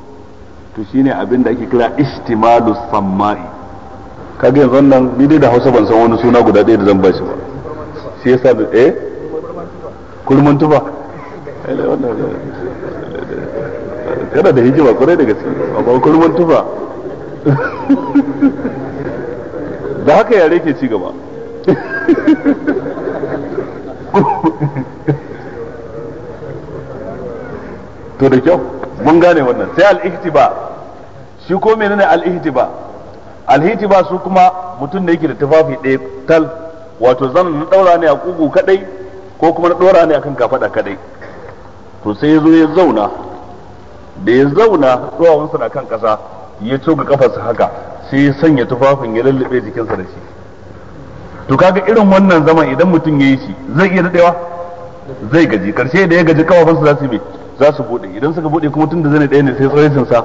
S1: to shine abin da ake kira istimalus samai kaga yanzu nan ni dai da Hausa ban san wani suna guda ɗaya da zan ba shi ba shi yasa da eh kulmun tufa kada da hijima kwarai da gaske amma kulmun tufa <laughs> da haka yare ke ci gaba <laughs> to da kyau mun gane wannan sai al-ihtiba shi ko menene al-ihtiba al-ihtiba su kuma mutum da yake da tufafi ɗaya tal wato zan na daura ne a kugu kadai ko kuma na ɗora ne akan kafada kadai to sai ya zo ya zauna da ya zauna duwawansa na kan ƙasa. ya toga kafarsa haka sai ya sanya tufafin ya lullube jikinsa da shi to kaga irin wannan zaman idan mutum ya yi shi zai iya dadewa zai gaji karshe da ya gaji kafafansa za su me za su bude idan suka bude kuma tunda zane ɗaya ne sai tsarejin sa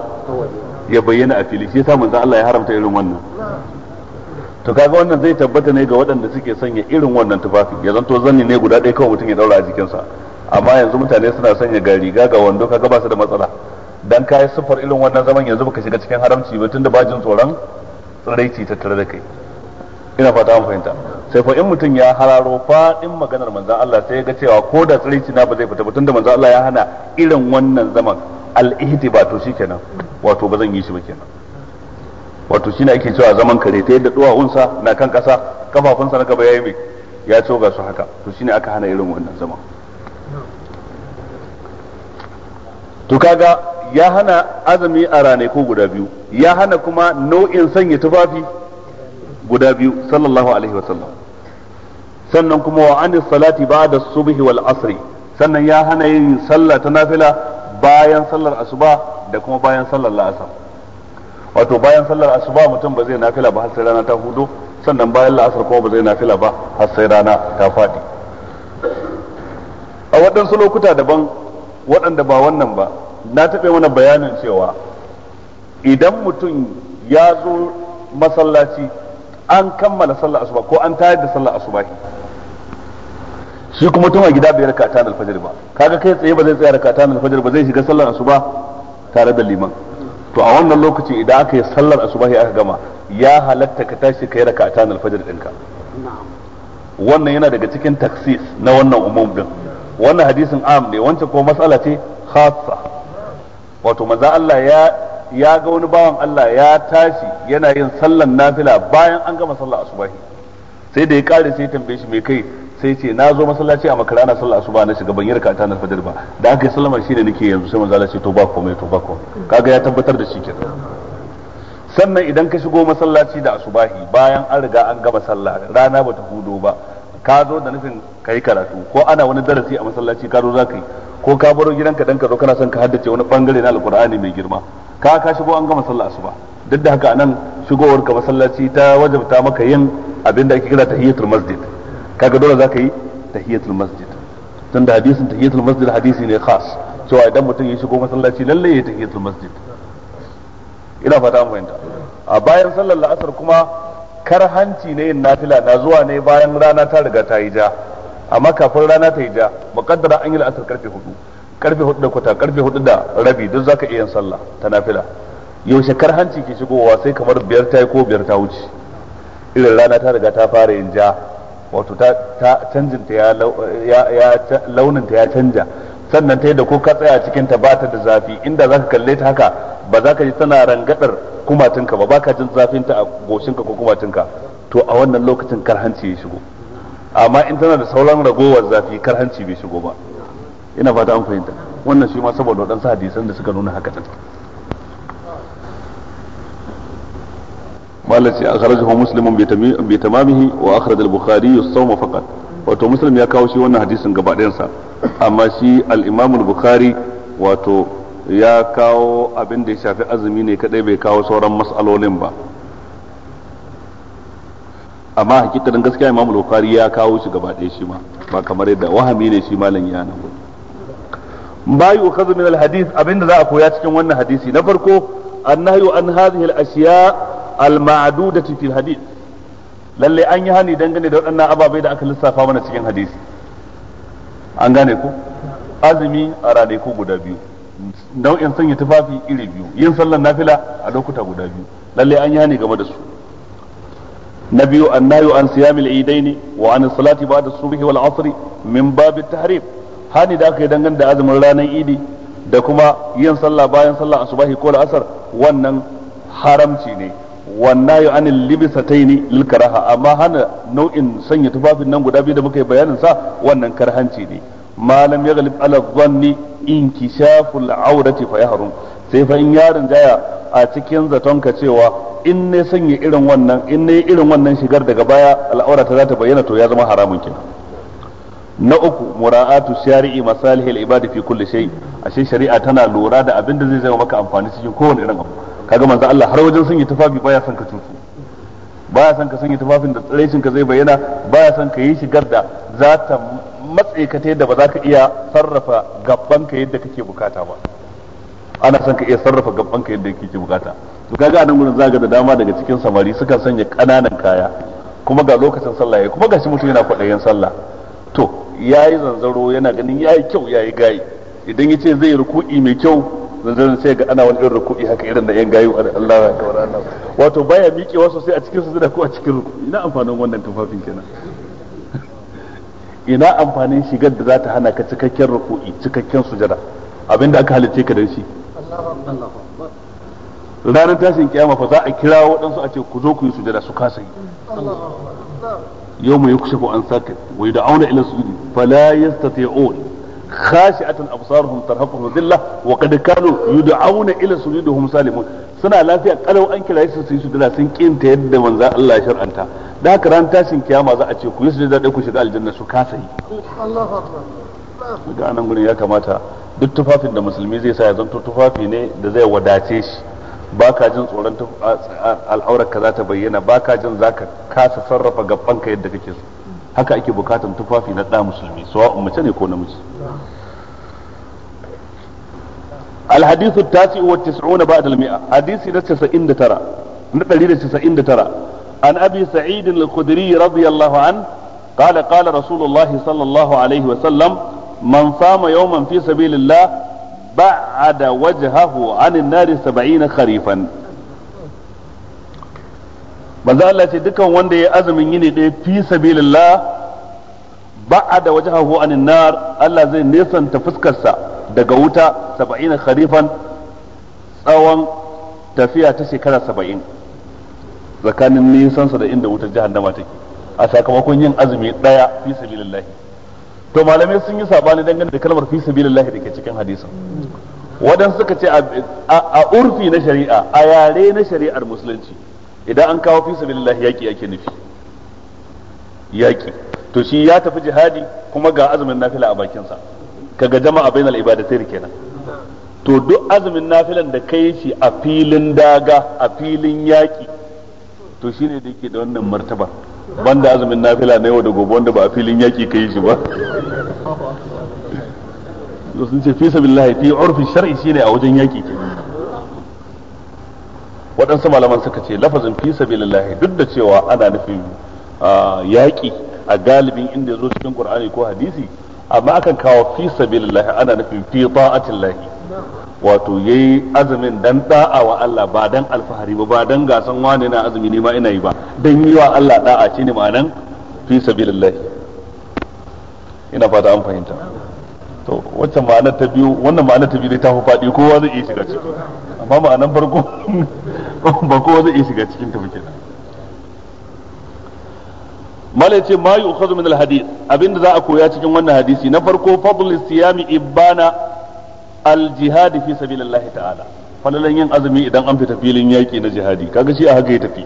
S1: ya bayyana a fili shi yasa zan Allah ya haramta irin wannan to kaga wannan zai tabbata ne ga waɗanda suke sanya irin wannan tufafi, ya zanto zanni ne guda ɗaya kawai mutum ya daura a jikinsa amma yanzu mutane suna sanya ga riga ga wando kaga ba su da matsala dan yi siffar irin wannan zaman yanzu baka shiga cikin haramci ba tunda bajin tsoron tsiraici tattare da kai ina fata an fahimta sai fa in mutum ya hararo faɗin maganar manzan Allah sai ya ga cewa ko da tsiraici na ba zai fita ba tunda manzan Allah ya hana irin wannan zaman al-ihtiba to shikenan wato ba zan yi shi ba kenan wato shine ake cewa zaman kare ta yadda duwawunsa na kan kasa kafafunsa na gaba yayi mai ya coga su haka to shine aka hana irin wannan zaman to kaga ya hana azumi a ranaku guda biyu ya hana kuma nau'in sanya tufafi guda biyu sallallahu alaihi wasallam sannan kuma wa anis salati ba'da subhi wal asri sannan ya hana yin sallah ta nafila bayan sallar asuba da kuma bayan sallar la'asar wato bayan sallar asuba mutum ba zai nafila ba har sai rana ta hudu sannan bayan la'asar kuma ba zai nafila ba har sai rana ta fadi a waɗansu lokuta daban waɗanda ba wannan ba na taɓa mana bayanin cewa idan mutum ya zo masallaci an kammala sallar asuba ko an tayar da sallar asubahi shi kuma tun a gida bai raka na alfajir ba kaga kai tsaye ba zai tsaya raka na alfajir ba zai shiga sallar asuba tare da liman to a wannan lokaci idan aka yi sallar asubahi aka gama ya halatta ka tashi kai raka na alfajir dinka wannan yana daga cikin taksis na wannan umum din wannan hadisin am ne wancan kuma matsala ce khassa wato manza Allah ya ga wani bawan Allah ya tashi yana yin sallan nafila bayan an gama sallar asubahi sai da ya kare sai tambaye shi mai kai sai ce na zo masallaci a makarana sallar asuba na shiga ban yarka ta na fajr ba da aka yi sallama shine nake yanzu sai manzo Allah ce to ba komai to ba komai kaga ya tabbatar da shi kenan sannan idan ka shigo masallaci da asubahi bayan an riga an gama sallah rana bata hudo ba ka zo da nufin ka yi karatu ko ana wani darasi a masallaci ka zo za ka yi ko ka baro gidanka dan ka zo kana son ka haddace wani bangare na alkur'ani mai girma ka ka shigo an gama sallah asuba duk da haka anan shigowar ka masallaci ta wajabta maka yin abinda ake kira tahiyatul masjid kaga dole za ka yi tahiyatul masjid tun da hadisin tahiyatul masjid hadisi ne khas cewa idan mutum ya shigo masallaci lalle ya tahiyatul masjid ina fata mu fahimta a bayan sallar la'asar kuma kar hanci na yin nafila na zuwa ne bayan rana ta riga ta yi ja amma kafin rana ta yi ja muqaddara an yi la'asar karfe hudu karfe hudu da kwata karfe hudu da rabi duk zaka iya yin sallah ta nafila yaushe kar hanci ke shigowa sai kamar biyar ta yi ko biyar ta wuce irin rana ta riga ta fara yin ja wato ta canjinta ya launinta ya canja sannan ta yadda ko ka tsaya cikin ta ba ta da zafi inda za ka kalle ta haka ba za ka ji tana rangadar kumatinka ba ba ka jin zafin ta a goshinka ko kumatinka to a wannan lokacin karhanci ya shigo amma in tana da sauran ragowar zafi karhanci bai shigo ba ina fata an fahimta wannan shi ma saboda waɗansu hadisan da suka nuna haka din malaci akhrajahu muslimun bi tamamihi wa akhraj al-bukhari as-sawm faqat wato muslim ya kawo shi wannan hadisin gaba ɗayansa amma shi al'imamul bukhari wato ya kawo abin da ya shafi azumi ne kadai bai kawo sauran mas'alolin ba amma hakikanin gaskiya imam bukhari ya kawo shi gaba ɗaya shi ma ba kamar yadda wahami ne shi malam ya nan bayu ukhadhu min al-hadith abinda za a koya cikin wannan hadisi na farko annahyu an hadhihi al-ashiya al-ma'dudati fi al-hadith lalle an yi hani dangane da waɗannan ababai da aka lissafa mana cikin hadisi an gane ku azumi a ranaku guda biyu nau'in sanya tufafi iri biyu yin sallar nafila a lokuta guda biyu lalle an yi hani game da su na biyu an nayo an siyamil idaini wa an salati ba da subhi wal asri min babi tahrib hani da aka yi dangane da azumin ranar idi da kuma yin sallah bayan sallah asubahi ko la'asar wannan haramci ne wannan ya anil ni lil karaha amma hana nau'in sanya tufafin nan guda biyu da muka yi bayanin sa wannan karhanci ne malam ya galib ala zanni inkishaful aurati fa yahrum sai fa in yaron jaya a cikin zaton ka cewa in ne sanya irin wannan in ne irin wannan shigar daga baya al'aurata za ta bayyana to ya zama haramun kenan na uku mura'atu shari'i masalihil ibadi fi kulli ashe shari'a tana lura da abin da zai zama maka amfani cikin kowane irin abu kaga manzo Allah har wajen sanya tufafi baya son ka tutu baya son ka sanya tufafin da tsareshin ka zai bayyana baya son ka yi shigar da za ta matse ka ta yadda ba za ka iya sarrafa gaban ka yadda kake bukata ba ana son ka iya sarrafa gaban ka yadda kake bukata to kaga anan gurin zaga da dama daga cikin samari suka sanya kananan kaya kuma ga lokacin sallah yayi kuma gashi mutum yana kwadayen sallah to yayi zanzaro yana ganin yayi kyau yayi gayi idan yace zai ruku'i mai kyau zan sai ga ana wani irin ruku'i haka irin da yan gayu Allah ya kawar Allah wato baya miƙewa sosai a cikin sujada ko a cikin ruku'i ina amfanin wannan tufafin kenan ina amfanin shigar da za ta hana ka cikakken ruku'i cikakken sujada abinda aka halitta ka dan shi ranar tashin kiyama fa za a kira waɗansu a ce ku zo ku yi sujada su kasa yi yau mai kusa an sake wai da auna ila sujudi la yastati'un khashi'atun absaruhum tarhaquhum dhillah wa qad kanu yud'auna ila sujudihim salimun suna lafiya kalau an kira su su da sun kinta yadda manzon Allah ya shar'anta da haka ran tashin kiyama za a ce ku yi sujada dai ku shiga aljanna su kasa yi Allahu akbar ya kamata duk tufafin da musulmi zai sa ya zanto tufafi ne da zai wadace shi ba ka jin tsoron al'aurar ka za ta bayyana ba ka jin za ka kasa sarrafa gaban ka yadda kake so haka ake bukatan tufafi na ɗa musulmi sawa'un mace ne ko namiji الحديث التاسع والتسعون بعد المئة حديث نتسعين ترى نتلين تسعين ترى عن أبي سعيد الخدري رضي الله عنه قال قال رسول الله صلى الله عليه وسلم من صام يوما في سبيل الله بعد وجهه عن النار سبعين خريفا manzo Allah ce dukan wanda ya azumin yini ɗaya fi sabilillah ba'ada wajhahu anin nar Allah zai nesanta fuskarsa daga wuta 70 kharifan tsawon tafiya ta shekara 70 tsakanin nisansa da inda wutar jahannama take a sakamakon yin azumi daya fi sabilillah to malamai sun yi sabani dangane da kalmar fi sabilillah da ke cikin hadisin wadan suka ce a urfi na shari'a a yare na shari'ar musulunci idan an kawo fi sabilillah yaki ake nufi yaki to shi ya tafi jihadi kuma ga azumin nafila a bakinsa kaga jama'a bainal ibadatayn kenan to duk azumin nafilan da kai shi a filin daga a filin yaki to shine da yake da wannan martaba banda azumin nafila na yau da gobe wanda ba a filin yaki kai shi ba sun ce fi sabilillah fi urfi shar'i shine a wajen yaki kenan waɗansu malaman suka ce lafazin fi sabilillahi duk da cewa ana nufin ah, yaƙi a galibin inda ya zo cikin qur'ani ko hadisi amma akan kawo fi sabilillahi ana nufin fi ta'atillahi wato yayi azumin dan da'a wa Allah ba dan alfahari ba ba dan gasan wani na azumi ne ma ina yi ba dan yi wa Allah da'a shine ma'anan fi sabilillahi ina fata an fahimta to wacce ma'anar ta biyu wannan ma'ana ta biyu ta fi faɗi kowa zai iya shiga ciki amma nan farko <laughs> ba kowa zai iya shiga cikin ta kenan mala yace ma yu'khadhu min al-hadith abinda za a koya cikin wannan hadisi na farko fadl siyami ibana al-jihad fi sabilillah ta'ala falalan yin azumi idan an fita filin yaki na jihadi kaga shi a haka ya tafi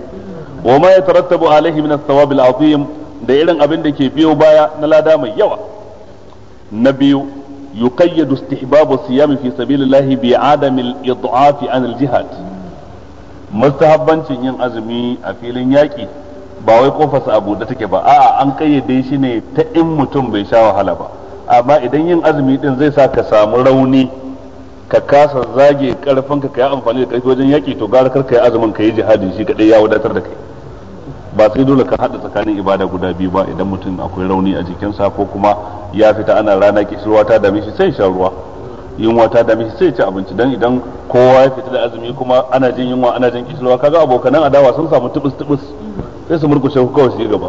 S1: wa ma yatarattabu alaihi min as-sawab al-azim da irin abin da ke biyo baya na lada mai yawa na biyu yuqayyadu istihbabu siyami fi sabilillahi bi adamil id'afi an al-jihad mustahabbancin yin azumi a filin yaki ba wai kofarsa abu da take ba a'a an kayyade shi ne ta in mutum bai sha wahala ba amma idan yin azumi din zai sa ka samu rauni ka kasa zage karfin ka kai amfani da karfi wajen yaki to gara kar kai azumin kai jihadin shi kadai ya wadatar da kai ba sai dole ka hada tsakanin ibada guda biyu ba idan mutum akwai rauni a jikinsa ko kuma ya fita ana rana kishirwa ta dame shi sai sharuwa. ruwa yunwa ta dame shi sai ci abinci dan idan kowa ya fita da azumi kuma ana jin yunwa ana jin kishirwa kaga abokanan adawa sun samu tubus tubus sai su murkushe ku kawai su yi gaba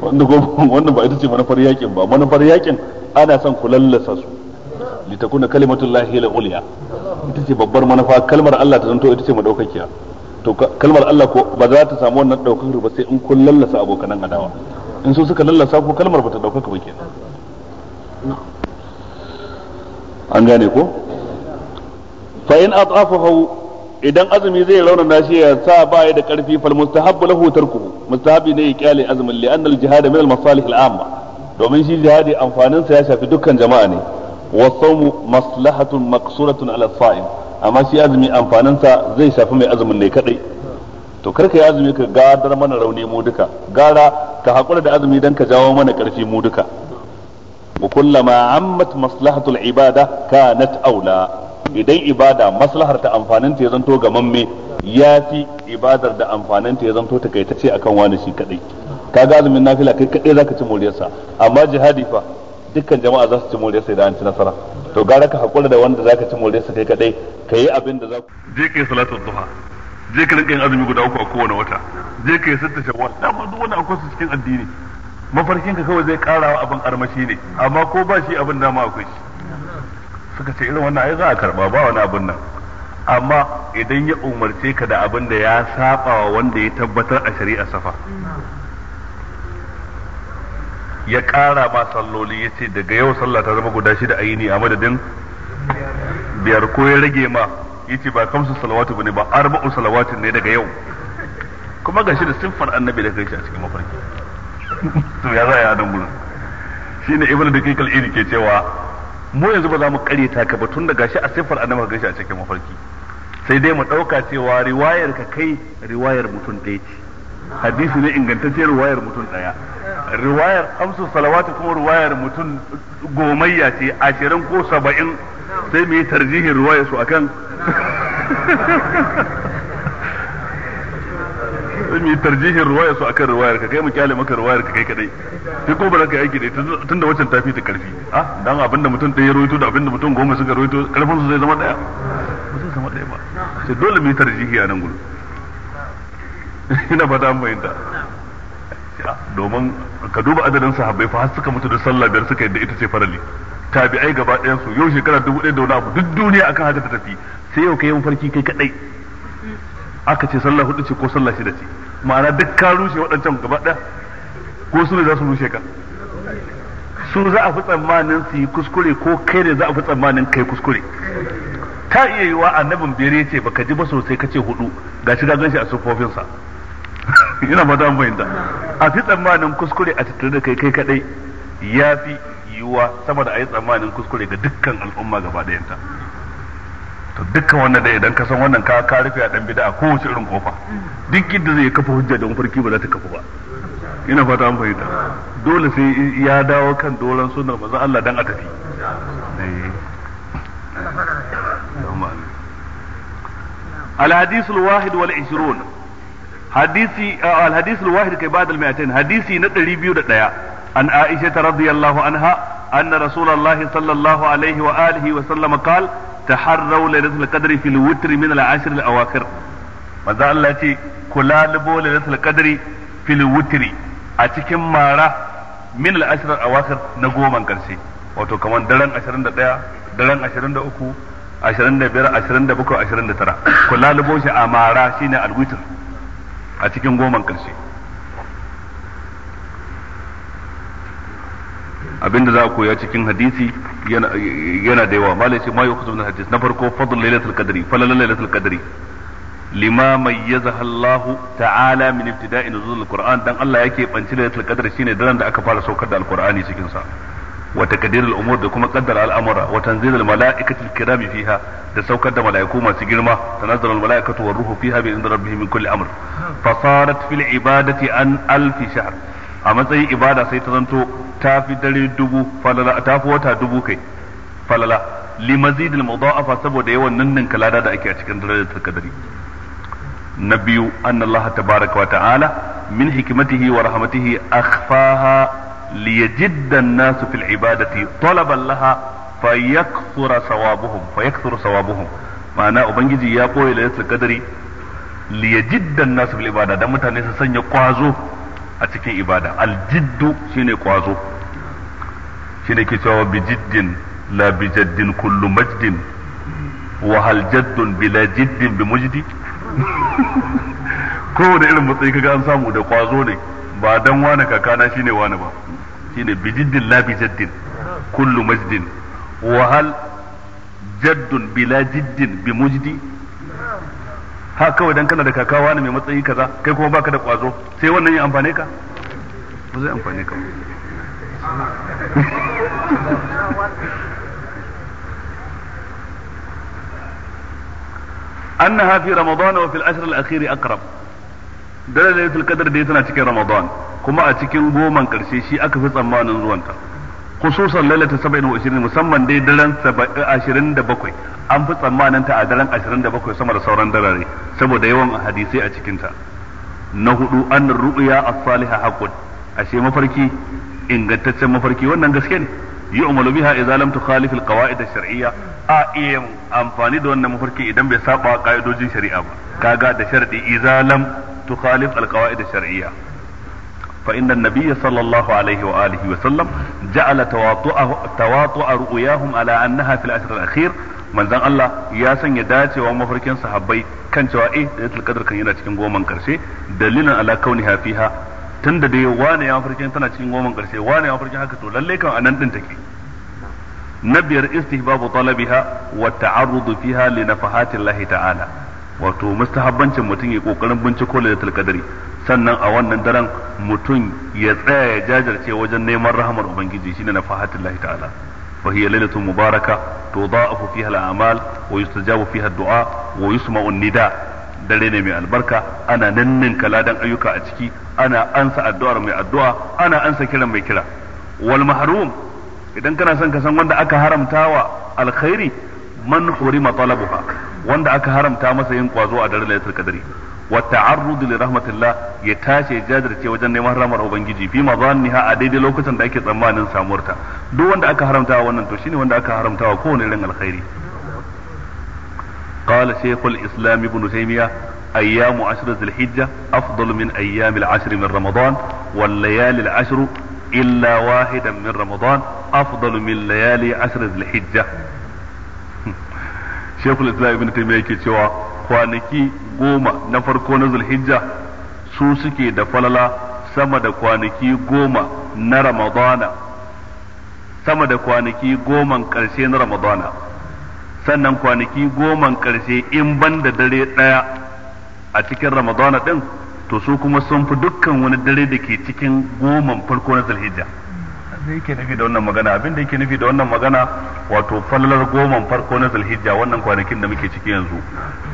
S1: wanda wannan ba ita ce manufar yakin ba manufar yakin ana son ku lallasa su litakuna kalimatullahi hiya ita ce babbar manufa kalmar Allah ta zanto ita ce madaukakiya to kalmar Allah ko ba za ta samu wannan daukakar ba sai in kun lallasa abokanan adawa in so suka lallasa ko kalmar ba ta daukaka ba kenan an gane ko fa in atafahu idan azumi zai raunana shi ya sa ba ya da karfi fal mustahabbu lahu tarkuhu mustahabi ne ya kyale azumin li annal jihad min al masalih al amma domin shi jihadi amfanin sa ya shafi dukkan jama'a ne wa sawmu maslahatun maqsuratun ala sa'im amma shi azumi amfanin sa zai shafi mai azumin ne kadai to karka azumi ka gadar mana rauni mu duka gara ka hakura da azumi dan ka jawo mana karfi mu duka wa kullama ammat maslahatul ibada kanat aula idan ibada maslahar ta amfanin ta ya zanto ga mamme ya fi ibadar da amfanin ta ya zanto takaitacce akan wani shi kadai kaga azumin nafila kai kadai zaka ci muryarsa amma jihadi fa dukkan jama'a za su ci more sai da an ci nasara to gara ka hakura da wanda zaka ci more sa kai kadai kai abin da za ku je kai salatu duha je ka rinka yin azumi guda uku a kowane wata je kai sitta shawwal ma duk wanda akwai su cikin addini mafarkin ka kawai zai karawa abin armashi ne amma ko ba shi abin ma akwai shi suka ce irin wannan ai za a karba ba wani abin nan amma idan ya umarce ka da abin da ya saba wa wanda ya tabbatar a shari'a safa ya ƙara ma salloli ya ce daga yau sallah ta zama guda shida a yini a madadin biyar ko ya rage ma ya ce ba kamsu salawatu ne ba arba'u salawatin ne daga yau kuma ga shi da siffar annabi da kai shi a cikin mafarki to ya zaya nan shi ne ibnu da al-iri ke cewa mu yanzu ba za mu ta ka ba tun da shi a siffar annabi shi a cikin mafarki sai dai mu ɗauka cewa riwayar ka kai riwayar mutum ɗaya ce hadisi ne ingantacce ruwayar mutum daya ruwayar amsu salawatu kuma ruwayar mutum gomayya ce ashirin ko saba'in sai mu yi tarjihin ruwayar su akan <laughs> sai mai tarjihin ruwayar su akan ruwayar ka kai mu maka ruwayar ka kai kadai sai ko ba ka yi aiki da tunda wancan tafi ta karfi ah dan abinda mutum ɗaya ruwaito da abinda mutum goma suka ruwaito karfin su zai zama daya ba zai zama daya ba sai dole mu yi tarjihi a nan gudu <laughs> ina ba da mai da domin ka duba adadin sahabbai fa har suka mutu da sallah biyar suka yadda ita ce farali tabi'ai gaba ɗayan su yau shekara dubu ɗaya da wani abu duk duniya akan haka ta tafi sai yau kai mafarki kai kadai aka ce sallah hudu ce ko sallah shida ce ma'ana duk ka rushe waɗancan gaba ɗaya ko su ne za su rushe ka su za a fi tsammanin su yi kuskure ko kai ne za a fi tsammanin kai kuskure ta iya yiwa annabin bere ce baka ji ba sosai ka ce hudu gashi ka gan shi a sufofinsa <laughs> ina ba an bayyana a fi tsammanin kuskure a tattare da kai kai kadai ya fi yiwuwa sama da a yi tsammanin kuskure ga dukkan al'umma gaba ta. to dukkan wannan da idan ka san wannan ka ka rufe a dan bid'a ko wace irin kofa duk yadda zai kafa hujja da mafarki ba za ta kafa ba ina fata an fahimta dole sai ya dawo kan doron sunnar manzon Allah dan a tafi الحديث الواحد والعشرون hadisi al-hadith al-wahid kai ba'd al-mi'atayn hadisi na 201 an Aisha ta radiyallahu anha anna rasulullahi sallallahu alaihi wa alihi wa sallam qal taharraw lailatul qadri fil witr min al-ashr al-awakhir manzo Allah ce kula libo lailatul qadri fil witr a cikin mara min al-ashr al-awakhir na goman karshe wato kaman daren 21 daren 23 ashirin da 29 kula libo shi a mara shi ne witr a cikin goman ƙarshe abinda za a koya cikin hadisi yana da yawa malai ce ma hadis na farko fadl lailatul qadri falal lailatul qadri lima mayyazaha ta'ala min ibtida'i nuzul al-Qur'an dan Allah yake banci lailatul qadr shine daren da aka fara saukar da al-Qur'ani cikin sa wata taqdir al-umur da kuma qaddara al'amura amra wa tanzil kirami fiha da saukar da mala'iku masu girma ta al-mala'ikatu wa ruhu fiha bi idni rabbihim min kulli amr fa sarat fil ibadati an alf shahr a matsayin ibada sai ta zanto ta fi dare dubu falala ta fi wata dubu kai falala li mazid al-mudafa saboda yawan nan kalada da ake a cikin dare da takadari na biyu anna Allah tabaaraka wa ta'ala min hikmatihi wa rahmatihi akhfaha ليجد الناس في العبادة طلبا لها فيكثر ثوابهم فيكثر ثوابهم ma'ana ubangiji ya koyi lailatul qadri li yajidda an-nas ibada dan mutane su sanya kwazo a cikin ibada al-jiddu shine kwazo shine ke cewa bi jiddin la majdin wa hal bi mujdi kowane irin matsayi kaga an samu da kwazo ne ba dan wani kakana shine wani ba shine bijiddin la bijaddin kullu majdin wa hal jaddun bila jiddin bi mujdi ha kawai dan kana da kaka wani mai matsayi kaza kai kuma baka da kwazo sai wannan ya amfane ka ba zai amfane ka أنها في رمضان وفي الأشهر الأخير أقرب da lailatul qadr dai tana cikin ramadan kuma a cikin goman karshe shi aka fi tsammanin zuwanta khususan lailata 27 musamman dai daren ashirin da bakwai an fi tsammanin ta a daren ashirin da bakwai sama da sauran darare saboda yawan hadisai a cikinta. na hudu an ru'ya as-salihah haqqun ashe mafarki ingantaccen mafarki wannan gaske ne yi umaru biha idza lam tukhalif alqawaid ash-shar'iyya a iya amfani da wannan mafarki idan bai saba ka'idojin shari'a ba kaga da sharadi idza lam تخالف القواعد الشرعية فإن النبي صلى الله عليه وآله وسلم جعل تواطؤه تواطؤ رؤياهم على أنها في العشر الأخير Allah ya sanya dacewa mafarkin sahabbai kan cewa eh Lailatul Qadr kan yana cikin goman karshe dalilan ala kauniha fiha tunda dai wane ya mafarkin tana cikin goman karshe wane ya mafarkin haka to lalle kan anan din take na biyar istihbabu talabiha wa ta'arrudu fiha li ta'ala wato mustahabbancin mutum ya kokarin binciko da qadari sannan a wannan daren mutum ya tsaya ya jajirce wajen neman rahamar ubangiji shine na fahatullahi ta'ala fa hiya lailatul mubaraka tudha'afu fiha al-a'mal wa yustajabu fiha ad-du'a wa yusma'u nida dare ne mai albarka ana nannin kaladan ayyuka a ciki ana ansa addu'ar mai addu'a ana ansa kiran mai kira wal mahrum idan kana son ka san wanda aka haramtawa alkhairi man hurima matalabuha wanda aka haramta masa yin kwazo a daren lailatul qadri wa ta'arrud li rahmatillah ya tashi jajirce wajen neman rahmar ubangiji fi mazanniha a daidai lokacin da ake tsammanin samuwarta duk wanda aka haramta wannan to shine wanda aka haramta wa kowane irin alkhairi قال شيخ الإسلام ابن تيمية أيام عشر ذي الحجة أفضل من أيام العشر من رمضان والليالي العشر إلا واحدا من رمضان أفضل من ليالي عشر ذي الحجة shekul islam ibn taymiya yake cewa kwanaki goma na farko na zulhijja su suke da falala sama da kwanaki goma na ramadana sama da kwanaki goman karshe na ramadana sannan kwanaki goman karshe in ban da dare ɗaya a cikin ramadana ɗin to su kuma sun fi dukkan wani dare da ke cikin goman farko na zulhijja da yake nufi da wannan magana abin da yake nufi da wannan magana wato fallar goman farko na zulhijja wannan kwanakin da muke ciki yanzu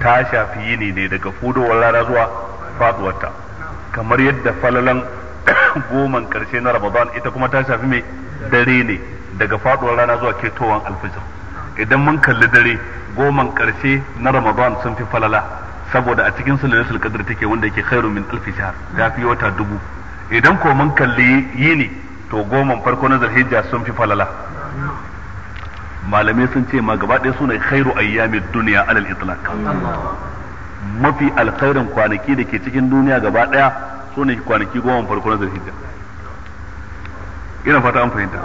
S1: ta shafi yini ne daga fudowar rana zuwa ta kamar yadda fallalan <coughs> goman karshe na ramadan ita kuma ta shafi mai dare ne daga faduwar rana zuwa ketowar alfijir idan mun kalli dare goman karshe na ramadan sun fi falala saboda a cikin sulhul kadar take wanda yake khairu min alfi fi wata dubu idan ko mun kalli yini to goman farko na zarhijja sun fi falala malamai sun ce ma gaba ɗaya suna khairu ayyami duniya alal itlaq mafi alkhairin kwanaki da ke cikin duniya gaba ɗaya sune kwanaki goma farko na zarhijja ina fata an fahimta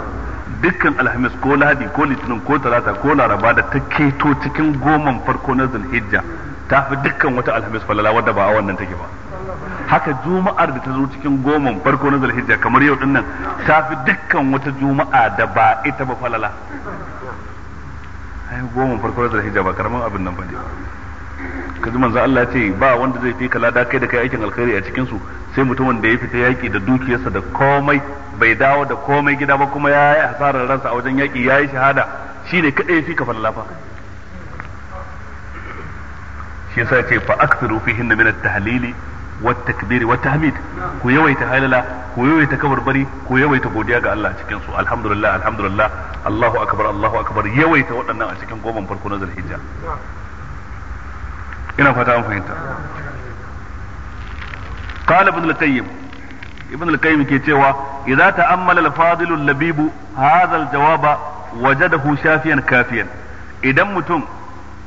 S1: dukkan alhamis ko lahadi ko litinin ko talata ko laraba da ta keto cikin goman farko na zarhijja ta fi dukkan wata alhamis falala wadda ba a wannan take ba haka juma'ar da ta zo cikin goma farko na zulhijja kamar yau dinnan ta fi dukkan wata juma'a da ba ita ba falala ai goma farko na zulhijja ba karaman abin nan bane ji manzo Allah ce ba wanda zai fi kala da kai da kai aikin alkhairi a cikin su sai mutumin da ya fita yaki da dukiyarsa da komai bai dawo da komai gida ba kuma ya yi hasarar ransa a wajen yaki ya yi shahada shine kadai ya fi ka fa shi yasa ce fa aktaru fihi min at-tahlili wa takbiri ku yawaita halala ku yawaita kabarbari ku yawaita godiya ga Allah cikin su alhamdulillah alhamdulillah Allahu akbar Allahu akbar yawaita waɗannan a cikin goman farko na zulhijja ina fata an fahimta قال ابن القيم ابن القيم كي تيوا إذا تأمل الفاضل اللبيب هذا الجواب وجده شافيا كافيا idan mutum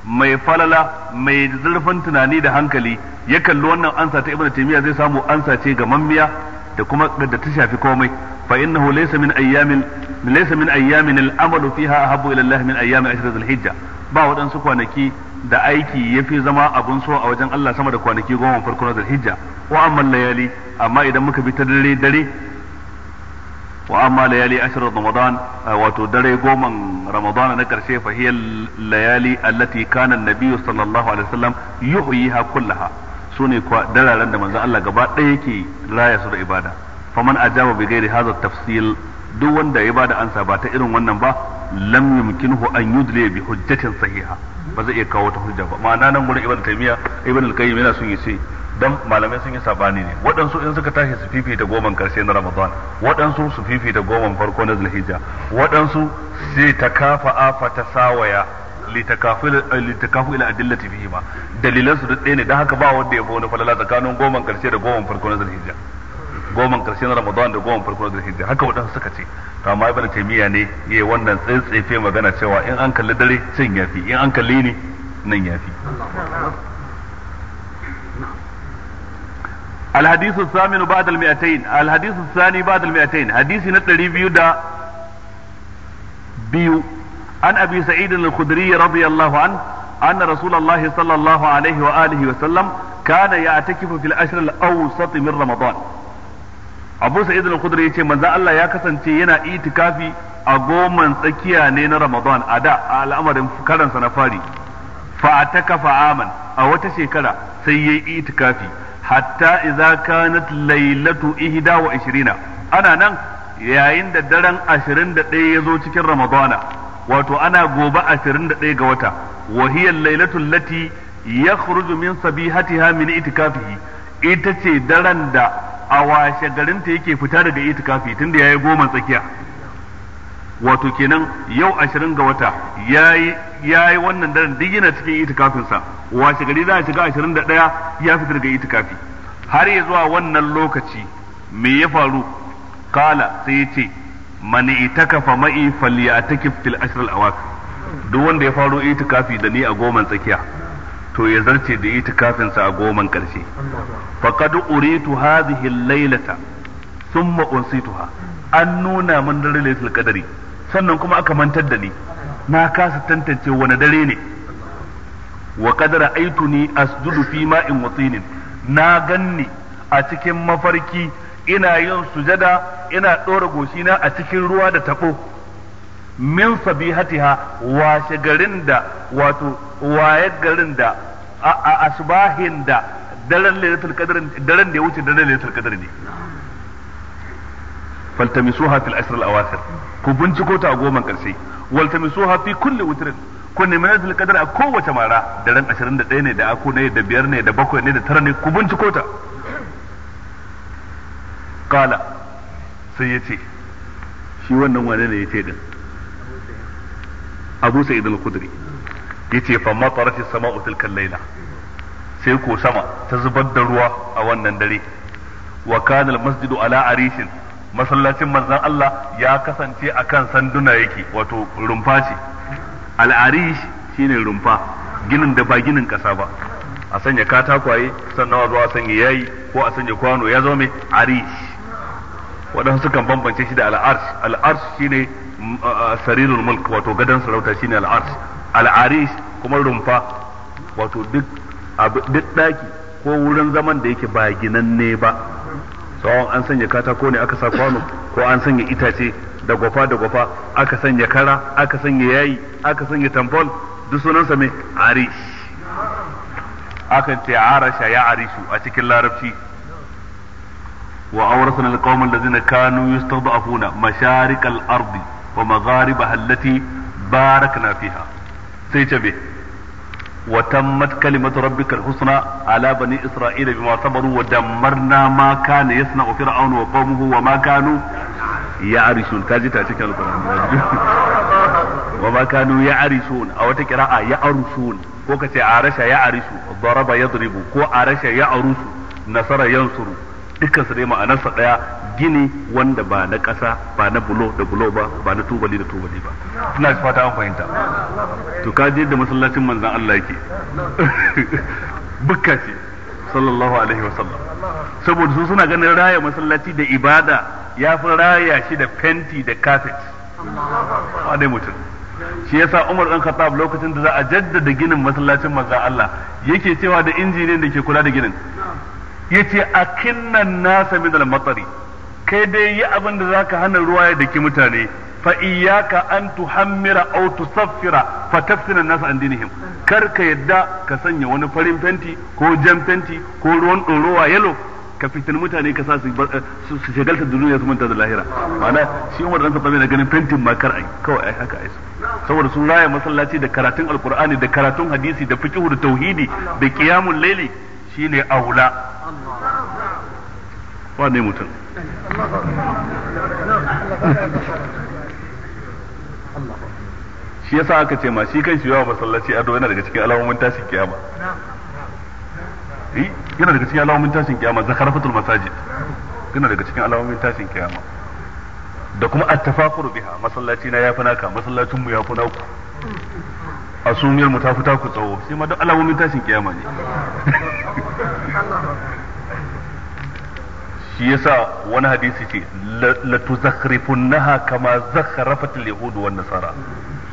S1: mai falala mai zurfin tunani da hankali ya kalli wannan ansa ta ibnu taymiya zai samu ansa ce ga mammiya da kuma da ta shafi komai fa innahu laysa min ayyamin laysa min ayyamin al-amalu fiha ahabbu ila Allah min ayyamin ashr al hijja ba waɗansu kwanaki da aiki ya fi zama abun so a wajen Allah sama da kwanaki goma farko na dhul-hijja wa amma layali amma idan muka bi ta dare dare wa layali ashir ramadan wato dare goman ramadan na karshe fa layali allati kana an-nabi sallallahu alaihi wasallam yuhyiha kullaha sune kwa dararen da manzo Allah gaba ɗaya yake raya su da ibada faman ajaba bi ghairi hadha tafsil duk wanda ya bada ansa ba ta irin wannan ba lam yumkinhu an yudli bi hujjatin sahiha ba zai iya kawo ta hujja ba ma'ana nan gurin ibn taymiya ibn al-qayyim yana son yace dan malamai sun yi sabani ne waɗansu in suka tashi su fifita goman karshe na ramadan waɗansu su fifita goman farko na zulhijja waɗansu sai ta kafa afa ta sawaya litakafu eh, ila adillati fihi ma dalilan su duk ɗaya ne dan haka ba wanda ya wani falala tsakanin goman karshe da goman farko na zulhijja goman karshe na ramadan da goman farko na zulhijja haka waɗansu suka ce to amma ibnu taymiya ne yayi wannan tsintsefe magana cewa in an kalli dare cin yafi in an kalli ni nan yafi الحديث الثامن بعد المئتين الحديث الثاني بعد المئتين حديث نتري بيو دا بيو عن أبي سعيد الخدري رضي الله عنه أن رسول الله صلى الله عليه وآله وسلم كان يعتكف في الأشهر الأوسط من رمضان Abu Sa'id al-Khudri yace manzo Allah ya kasance yana itikafi a goman tsakiya ne na Ramadan a da a al'amarin karansa na fari fa ataka fa aman a wata shekara sai yayi itikafi hatta idza kanat Lailatu, ihda wa ishirina ana nan yayin da daren ashirin da ya zo cikin ramadana wato ana gobe ashirin da ga wata wahiyar hiya laylatu lati yakhruju min sabihatiha min itikafihi ita ce daren da a washe garinta yake fita daga itikafi tunda yayi goma tsakiya wato kenan yau ashirin ga wata ya yi wannan daren duk yana cikin itikafin sa washe gari za a shiga ashirin da ɗaya ya fita ita itikafi har ya zuwa wannan lokaci me ya faru kala sai ya ce man itakafa ma'i falyatakif fil ashr al awaq duk wanda ya faro itikafi da ni a goman tsakiya to ya zarce da itikafin sa a goman karshe faqad uritu hadhihi al-lailata thumma unsituha an nuna min dare qadari sannan kuma aka mantar da ni na kasa tantance wani dare ne wa aitu ni asjudu fi ma'in watinin na ganni a cikin mafarki ina yin sujada ina dora goshina a cikin ruwa da tabo min sabihatiha washe garin da wato waye garin da a asbahin da daren lailatul qadr daren da ya wuce daren lailatul qadr ne faltamisuha fil ashr al awakhir ku binciko ta a goman karshe waltamisuha fi kulli witrin ku nemi lailatul qadr a kowace mara da ran 21 ne da ako ne da biyar ne da bakwai ne da tara ne ku binciko ta Kala sai ya ce shi wannan wane ne ya ce din Abu Sa'id al-Khudri yace fa matarat as-sama'u tilka al-laila sai ko sama ta zubar da ruwa a wannan dare wa kana masjidu ala arishin masallacin manzan Allah ya kasance a kan sanduna yake wato rumfa ce al'arish shine rumfa ginin da ba ginin kasa ba a sanya katakwaye sannan a zo a sanya yayi ko a sanya kwano ya zaune mai arish waɗansu sukan bambance shi da al'arsh al'arsh shine mm, sarirul mulk wato gadon sarauta shine al'arsh al'arish kuma rumfa wato duk duk ɗaki ko wurin zaman da yake ba ginanne ba tsawon an sanya katako ne aka sa kwano ko an sanya itace da gwafa da gwafa aka sanya kara aka sanya yayi aka sanya tamfol duk sunansa me arish akan ce arasha ya arishu a cikin larabci wa awrasna alqawma allazina kanu yustad'afuna masharikal masharikal ardi wa magharibaha allati barakna fiha sai ce وتمت كلمة ربك الحسنى على بني إسرائيل بما صبروا ودمرنا ما كان يصنع فرعون وقومه وما كانوا يعرشون كاجي تاتيك القرآن وما كانوا يعرشون أو تقراء يعرشون ko ka ce arasha ya arisu daraba yadribu ko arasha dukkan su dai ma'anarsa daya gini wanda ba na ƙasa ba na bulo da bulo ba ba na tubali da tubali ba ina fata an fahimta to ka je da masallacin manzon Allah yake <laughs> bukka ce sallallahu alaihi wasallam saboda su suna ganin raya masallaci da ibada ya fi raya shi da fenti da kafet ba dai mutum shi yasa Umar dan Khattab lokacin da za a jaddada ginin masallacin manzon Allah yake cewa da injiniyan da ke kula da ginin yace akinnan nasa min al-matari kai dai yi abin da zaka hana ruwa ya daki mutane fa iyyaka an tuhammira aw tusaffira fa tafsina nasa an dinihim kar ka yadda ka sanya wani farin fenti ko jan fenti ko ruwan dorowa yalo ka fitin mutane ka sa su eh, shagalta da duniya su manta da lahira ma'ana shi Umar dan Khattab yana ganin fentin ma kar ai kawai ai haka ai saboda sun raya masallaci da karatun alqur'ani da karatun hadisi da fiqh da tauhidi da qiyamul Laili. shine aula wane mutum shi yasa aka ce ma shi kan shi yawa masallaci ado yana daga cikin alamomin tashin kiyama eh, yana daga cikin alamomin tashin kiyama zakarafatul masajid yana daga cikin alamomin tashin kiyama da kuma attafakuru biha masallaci na yafi naka masallacin mu yafi naku a sumiyar mu ta fita ku tsawo shi ma duk alamomin tashin kiyama ne shi yasa wani hadisi ce la Naha kama zakharafat al-yahud wan nasara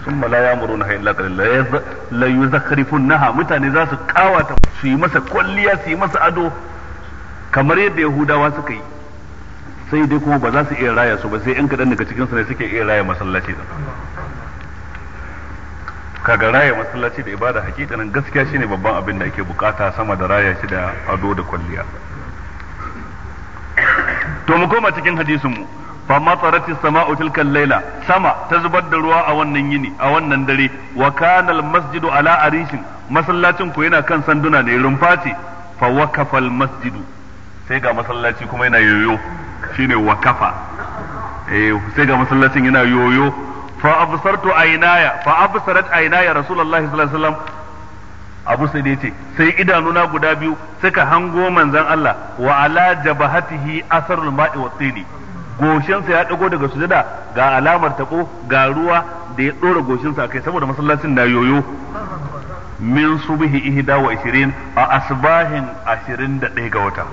S1: summa la ya'muruna illa qalila la Naha mutane za su kawata su yi masa kwalliya su yi masa ado kamar yadda yahudawa suka yi sai dai kuma ba za su iya raya su ba sai yan kadan daga cikinsu ne suke iya raya masallaci da kaga raya masallaci da ibada hakikanin gaskiya shine babban abin da ake bukata sama da raya shi da ado da kwalliya to mu koma cikin hadisin mu fa matsarati sama'u tilkal laila sama ta zubar da ruwa a wannan yini a wannan dare wa kana al masjidu ala arishin masallacin ku yana kan sanduna ne rumfa ce fa wakafa al masjidu sai ga masallaci kuma yana yoyo shine wakafa eh sai ga masallacin yana yoyo fa absartu aynaya fa absarat aynaya rasulullahi sallallahu alaihi wasallam abu sai ce, sai idanuna guda biyu suka hango manzon Allah wa ala jabahatihi asarul ma'i wa tsini sa ya dago daga sujada ga alamar tabo ga ruwa da ya dora sa kai saboda masallacin na yoyo min subhi ihda wa 20 a asbahin ashirin da ɗaya ga wata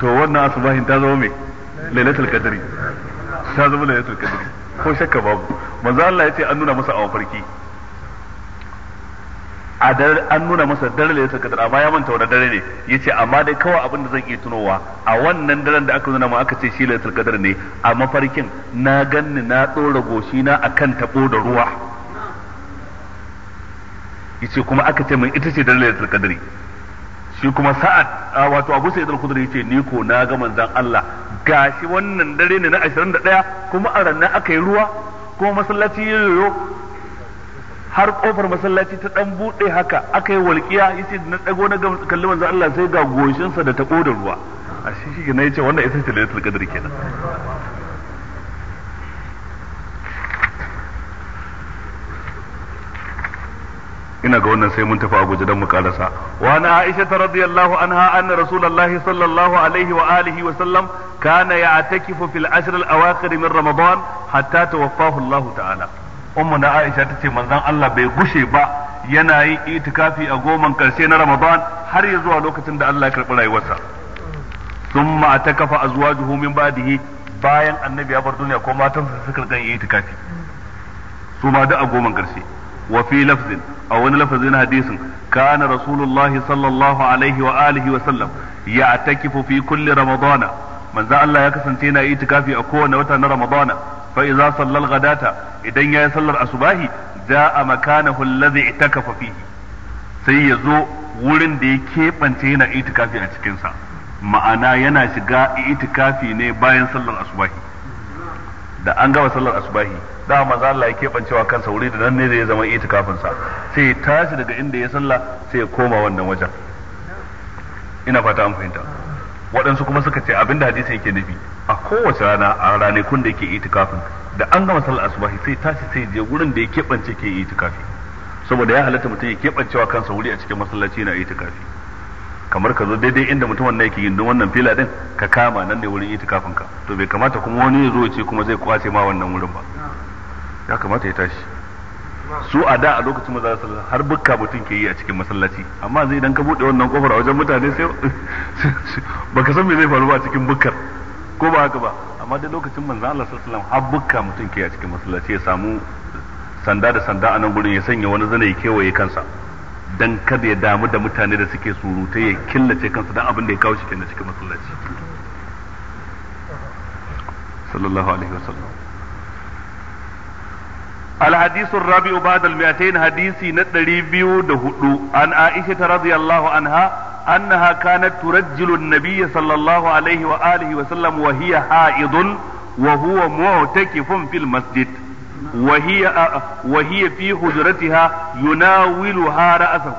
S1: to wannan asbahin ta zama mai lailatul qadri ta zama lailatul qadri ko shakka babu manzo Allah ya ce an nuna masa a mafarki a dare an nuna masa dare ne saka dare amma ya manta wani dare ne yace amma dai kawai abin da zan iya tunowa a wannan daren da aka nuna mu aka ce shi lailatul kadar ne a mafarkin na ganni na dora goshi na akan tabo da ruwa yace kuma aka ce min ita ce dare lailatul kadari shi kuma sa'ad wato abu sa'id al-khudri yace ni ko na ga manzon Allah gashi wannan dare ne na 21 kuma a ranar aka yi ruwa kuma masallaci ya yoyo har kofar masallaci ta dan bude haka aka yi walƙiya yace na dago na kalli manzon Allah sai ga goshinsa da ta da ruwa a shi shi ne yace wannan ita ce lailatul qadr kenan ina ga wannan sai mun tafi a don mu karasa wa na aisha ta radiyallahu anha anna rasulullahi sallallahu alaihi wa alihi wa sallam kana ya'takifu fil ashr al awakhir min ramadan hatta tawaffahu Allah ta'ala ummu na aisha tace manzon Allah bai gushe ba yana yin itikafi a goman karshe na ramadan har ya zuwa lokacin da Allah ya karbi rayuwarsa thumma atakafa azwajuhu min ba'dihi bayan annabi ya bar duniya ko matansa suka kan itikafi su ma da a goman karshe wa fi a wani lafazin hadisin kana rasulullahi sallallahu alaihi wa alihi wa sallam ya takifu fi kulli ramadana manzo Allah ya kasance yana itikafi a kowane wata na ramadana fa'iza sallar gadata idan ya yi sallar asubahi jaa makanahu alladhi itakafa fihi sai ya zo wurin da ya keɓance yana itikafi a cikinsa ma'ana yana shiga itikafi ne bayan sallar asubahi da an gama sallar asubahi da manzo Allah ya kebancewa kansa wuri da nan ne zai zama itikafin sa sai ya tashi daga inda ya sallah sai ya koma wannan wajen ina fata an fahimta waɗansu kuma suka ce abinda hadisi yake nufi a kowace rana a ranakun da yake itikafin da an gama sallar asubahi sai tashi sai je wurin da ya kebance ke itikafi saboda ya halatta mutum ya kebancewa kansa wuri a cikin masallaci na itikafi kamar ka zo daidai inda mutumin na yake yin wannan fila din ka kama nan ne wurin itikafin ka to bai kamata kuma wani ya zo ce kuma zai kwace ma wannan wurin ba ya kamata ya tashi su a da a lokacin maza sallah har bukka mutum ke yi a cikin masallaci amma zai idan ka bude wannan kofar a wajen mutane sai <laughs> baka san me zai faru ba a cikin bukkar ko ba haka ba amma dai lokacin manzo Allah sallallahu alaihi wasallam har bukka mutum ke yi a cikin masallaci ya samu sanda da sanda a nan gurin ya sanya wani zane ya kewaye kansa dan kada ya damu da mutane da suke surutai ya killace kansa dan abin da ya kawo shi kenan cikin masallaci sallallahu alaihi wasallam الحديث الرابع بعد المئتين حديثي ندري بيو دهدو عن عائشة رضي الله عنها أنها كانت ترجل النبي صلى الله عليه وآله وسلم وهي حائض وهو معتكف في المسجد وهي وهي في حجرتها يناولها ra'sahu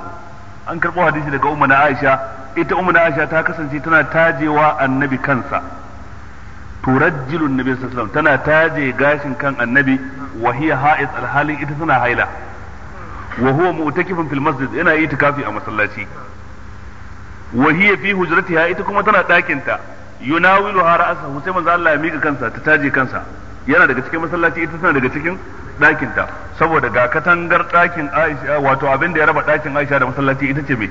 S1: an karɓo hadisi daga umma na Aisha ita umma na Aisha ta kasance tana tajewa annabi kansa turajjilu annabi sallallahu alaihi tana taje gashin kan annabi wa hiya ha'id alhalin ita tana haila wa huwa mu'takifun fil masjid yana itikafi a masallaci wa hiya fi hujratiha ita kuma tana ɗakinta yunawilu ra'sahu sai manzo Allah ya mika kansa ta taje kansa yana daga cikin masallaci ita tana daga cikin ɗakinta saboda ga katangar ɗakin Aisha wato abin da ya raba ɗakin Aisha da masallaci ita ce mai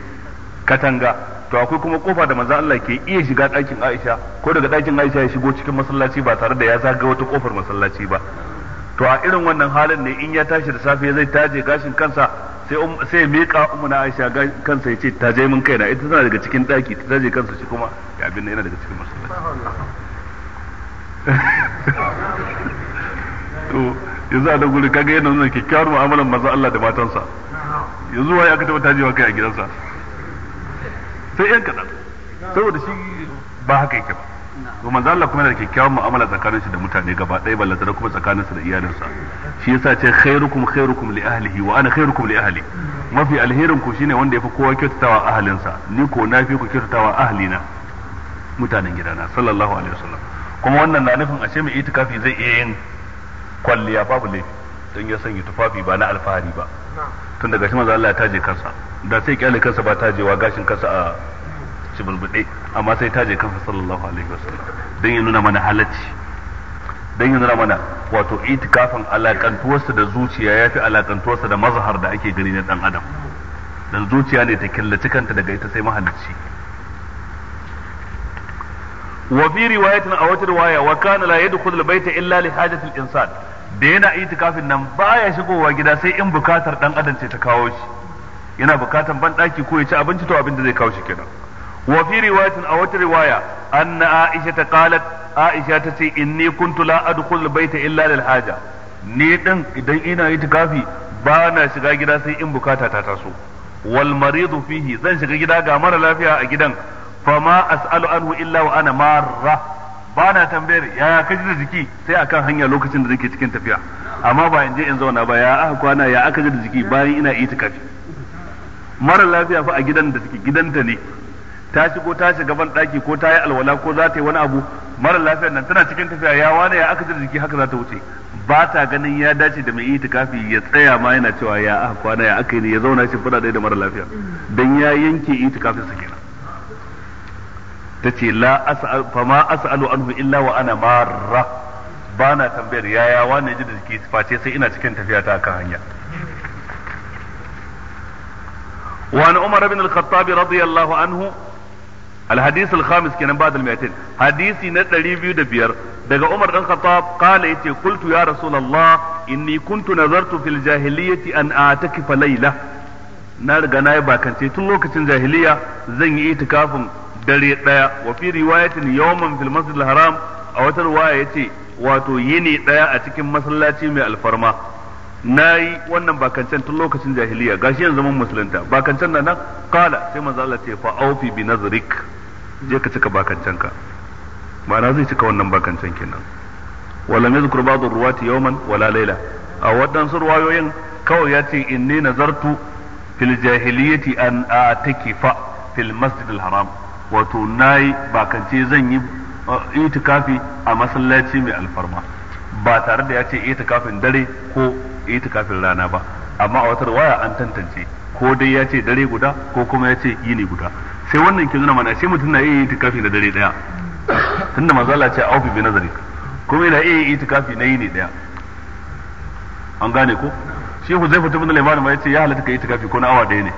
S1: katanga to akwai kuma kofa da manzo Allah ke iya shiga ɗakin Aisha ko daga ɗakin Aisha ya shigo cikin masallaci ba tare da ya zaga wata kofar masallaci ba to a irin wannan halin ne in ya tashi da safe zai taje gashin kansa sai um, sai mika umma Aisha kansa yace taje mun kaina ita tana daga cikin ɗaki ta taje kansa shi kuma ya abin yana daga cikin masallaci to yanzu a nan guri kaga yana nuna kyakkyawar mu'amalar maza Allah da matansa yanzu waye aka taɓa tajewa kai a gidansa sai yan kaɗan saboda shi ba haka yake ba to manzo Allah kuma yana da kyakkyawar mu'amala tsakanin shi da mutane gaba ɗaya balla da kuma tsakanin sa da iyalinsa shi yasa ce khairukum khairukum li ahlihi wa ana khairukum li ahli mafi alherin ku shine wanda yafi kowa kyautatawa ahalinsa ni ko na fi ku kyautatawa ahlina mutanen gidana sallallahu alaihi wasallam kuma wannan na nufin ashe mai itikafi zai iya yin kwalliya babu laifi don ya sanya tufafi ba na alfahari ba tun daga shi manzo Allah ya taje kansa da sai kyale kansa ba tajewa gashin kansa a shibulbude amma sai taje kansa sallallahu alaihi wasallam don ya nuna mana halacci don ya nuna mana wato itikafin alakantuwarsa da zuciya ya fi alakantuwarsa da mazhar da ake gani na dan adam dan zuciya ne ta killace kanta daga ita sai mahalicci wa fi riwayatin a wata riwaya wa kana la yadkhulu al-bayta illa li hajati al-insan da yana itikafin nan baya shigowa gida sai in bukatar dan adam ta kawo shi yana bukatan ban daki ko ya ci abinci to abin da zai kawo shi kenan wa fi riwayatin a wata riwaya anna aisha ta qalat aisha ta ce inni kuntu la adkhulu al-bayta illa lil haja ni din idan ina itikafi ba na shiga gida sai in bukata ta taso wal maridu fihi zan shiga gida ga mara lafiya a gidan fa ma as'alu anhu illa wa ana marra ba na tambayar ya ka ji da jiki sai akan hanya lokacin da nake cikin tafiya amma ba in je in zauna ba ya aka kwana ya aka ji da jiki bayan ina itikafi mara lafiya fa a gidan da take gidanta ne ta shigo ta shiga ban daki ko ta yi alwala ko za ta yi wani abu mara lafiyar nan tana cikin tafiya ya wane ya aka ji da jiki haka za ta wuce ba ta ganin ya dace da mai itikafi ya tsaya ma yana cewa ya aka kwana ya aka yi ne ya zauna shi fada da mara lafiya dan ya yanke itikafin sa kenan ce la as'al fama as'alu anhu illa wa ana marra bana tambayar yaya wani ji da jiki face sai ina cikin tafiya ta kan hanya وعن عمر بن الخطاب رضي الله عنه الحديث الخامس كان بعد المئتين حديثي نتلري بيو دبير دقى عمر بن الخطاب قال يتي قلت يا رسول الله إني كنت نظرت في الجاهلية أن أعتكف ليلة na riga na yi bakance tun lokacin jahiliya zan yi itikafin dare ɗaya wa fi riwayatin yawman fil masjidil haram a wata riwaya yace wato yini ɗaya a cikin masallaci mai alfarma nayi wannan bakancan tun lokacin jahiliya gashi yanzu mun musulunta bakancan nan kala sai manzo Allah ce fa aufi bi nazrik je ka cika bakancan ka ma'ana zai cika wannan bakancan kenan wala yadhkur ba'd ruwati yawman wala layla a waɗansu ruwayoyin kawai yace inni nazartu fil jahiliyati an fa fil masjidil haram wato na yi bakance zan yi uh, itikafi a masallaci mai alfarma ba tare da ya ce itikafin dare ko itikafin rana ba amma a wata waya an tantance ko dai ya ce dare guda ko kuma ya ce yini guda sai wannan ke nuna mana sai mutum na iya itikafi da dare daya tunda da Allah ce aufi bi nazari kuma yana iya itikafi na yini daya an gane ko shi Huzaifa ibn Sulaiman ma ya ce ya halatta ka itikafi ko na awa daya ne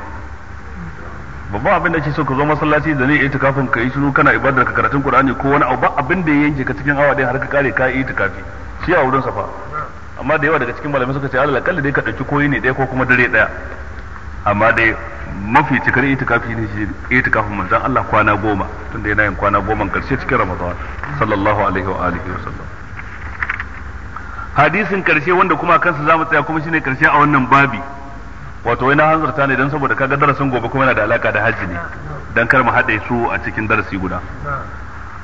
S1: babban abin da ake so ka zo masallaci da ne itikafin ka yi shiru kana ibadar ka karatun Qur'ani ko wani abu ba abin da ya yanke ka cikin awa ɗaya har ka kare ka yi itikafi shi a wurin safa amma da yawa daga cikin malamai suka ce alal akalla dai ka dauki koyi ne ɗaya ko kuma dare ɗaya amma dai mafi cikar itikafi ne shi itikafin manzon Allah kwana goma tunda yana yin kwana goma karshe cikin Ramadan sallallahu alaihi wa alihi wa sallam hadisin karshe wanda kuma kansa zamu tsaya kuma shine karshe a wannan babi wato wai na hanzarta ne don saboda kaga darasin gobe kuma yana da alaka da hajji ne don kar mu haɗe su a cikin darasi guda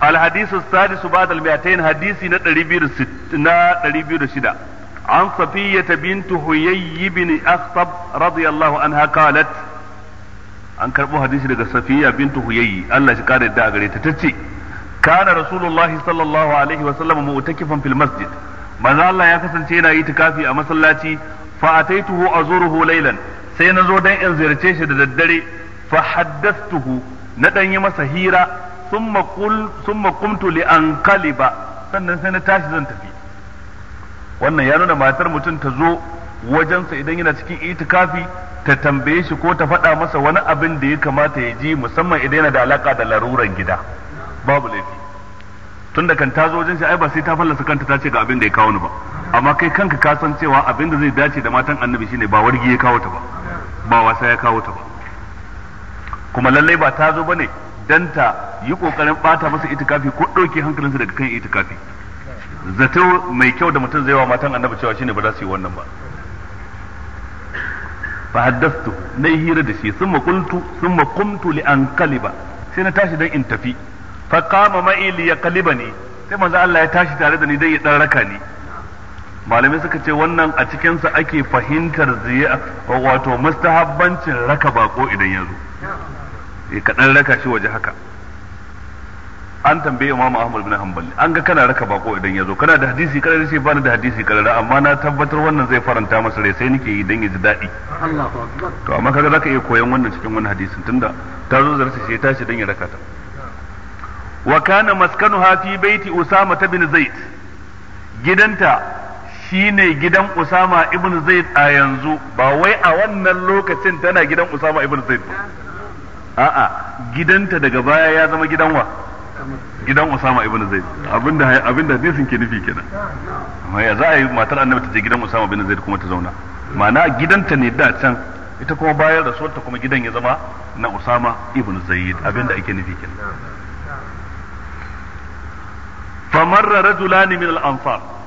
S1: الحديث السادس بعد المئتين حديث نتربير الشدة عن صفية بنت هيي بن أخطب رضي الله عنها قالت an karɓo hadisi daga Safiyya bintu huyayyi Allah shi kare da gare ta tace kana rasulullahi sallallahu alaihi wa sallam mu'takifan fil masjid manzo Allah ya kasance yana yi tikafi a masallaci fa ataituhu azuruhu laylan sai na zo dan in ziyarce shi da daddare fa tuhu na dan yi masa hira summa qul summa qumtu sannan sai na tashi zan tafi wannan ya nuna matar mutum ta zo wajensa idan yana cikin itikafi ta tambaye shi ko ta faɗa masa wani abin da ya kamata ya ji musamman idan yana da alaka da laruran gida babu laifi da kan tazo wajen shi ai ba sai ta fallasa kanta ta ce ga abin da ya kawo ni ba amma kai kanka ka san cewa abin da zai dace da matan annabi shine ba wargi ya kawo ta ba ba wasa ya kawo ta ba kuma lallai ba ta zo bane dan ta yi kokarin bata masa itikafi ko dauke hankalinsa daga kan itikafi zato mai kyau da mutum zai wa matan annabi cewa shine ba za su yi wannan ba fa haddathtu nayhira hira da shi thumma qultu thumma qumtu li anqaliba sai na tashi dan in tafi fa kama ma'i li yaqlibani sai manzo Allah ya tashi tare da ni dai ya dan raka ni malamai suka ce wannan a cikin sa ake fahimtar ziya wato mustahabbancin raka bako idan ya zo eh, ka dan raka shi waje haka an tambaye Imam Ahmad bin Hanbali an ga kana raka bako idan ya zo kana da hadisi kada sai bani da hadisi kada amma na tabbatar wannan zai faranta masa rai sai nake yi dan ya ji daɗi to amma kaga zaka iya koyon wannan cikin wani hadisin tunda ta zo zarta sai ya tashi dan ya raka ta wa kana maskanuha fi baiti usama ta bin zaid gidanta shine gidan usama ibn zaid a yanzu ba wai a wannan lokacin tana gidan usama ibn zaid ba a'a gidanta daga baya ya zama gidan wa gidan usama ibn zaid abinda abinda hadisin ke nufi kenan amma ya za a yi matar annabi ta je gidan usama ibn zaid kuma ta zauna ma'ana gidanta ne da can ita kuma bayar bayan rasuwarta kuma gidan ya zama na usama ibn zaid abinda ake nufi kenan famarra rajulani min al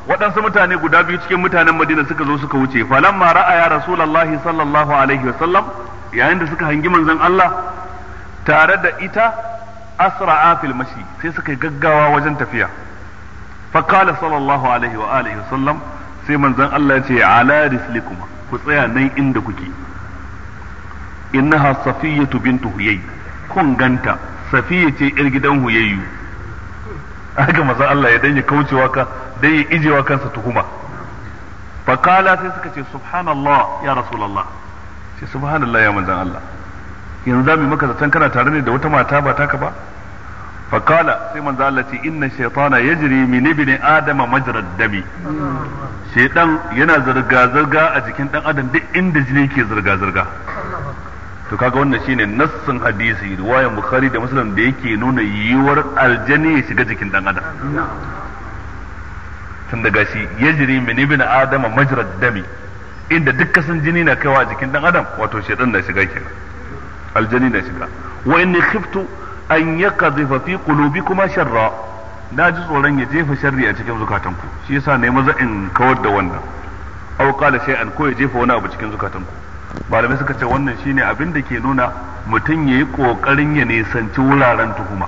S1: waɗansu mutane guda biyu cikin mutanen Madina suka zo suka wuce falamma ra'aya rasulullahi sallallahu alaihi wasallam yayin da suka hangi manzan Allah tare da ita asra'a fil mashi sai suka gaggawa wajen tafiya fa qala sallallahu alaihi wa alihi sai manzon Allah ya ce ala rislikuma ku tsaya nan inda kuke innaha safiyatu bintu huyay kun ganta safiya ce yar gidan huyayyu haka maza Allah ya dai ya wa ka dai ya ijewa kansa tuhuma fa sai suka ce subhanallah ya rasulullah sai subhanallah ya manzan Allah yanzu zamu maka zaton kana tare ne da wata mata ba taka ba fa sai manzan Allah ce inna shaytana yajri min ibni adam majrad dami shaytan yana zirga zirga a jikin dan adam duk inda jini ke zirga zirga to kaga wannan shine nassin hadisi riwayar bukhari da muslim da yake nuna yiwuwar aljani ya shiga jikin dan adam tun daga shi yajri min ibn adama majrad dami inda dukkan kasan jini na kaiwa jikin dan adam wato shedan na shiga kenan aljani na shiga wa inni khiftu an yaqdhifa fi qulubikuma sharra na ji tsoron ya jefa sharri a cikin zukatanku shi yasa ne maza in kawar da wannan aw qala shay'an ko ya jefa wani abu cikin zukatanku malamai suka ce wannan shine abin da ke nuna mutum ya yi ƙoƙarin ya nisanci wuraren tuhuma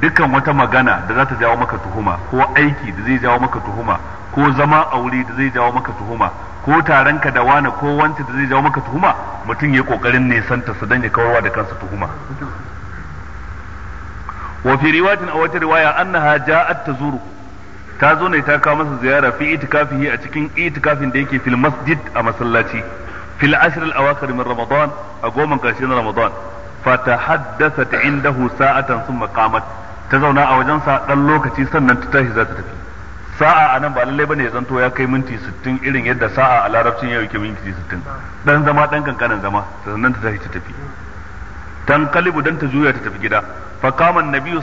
S1: dukkan wata magana da za ta jawo maka tuhuma ko aiki da zai jawo maka tuhuma ko zama a wuri da zai jawo maka tuhuma ko taron ka da wani ko wancan da zai jawo maka tuhuma mutum ya yi kokarin nisanta su dan ya kawarwa da kansa tuhuma wa fi riwayatin a wata riwaya annaha ja'at tazuru ta zo ne ta kawo masa ziyara fi itikafihi a cikin itikafin da yake fil masjid a masallaci fil ashr al awakhir ramadan a goma karshe na ramadan fa tahaddathat indahu sa'atan a wajensa dan lokaci sa'a a ba lallai bane ya zanto ya yadda a larabcin yau yake minti juya ta gida fa kama annabi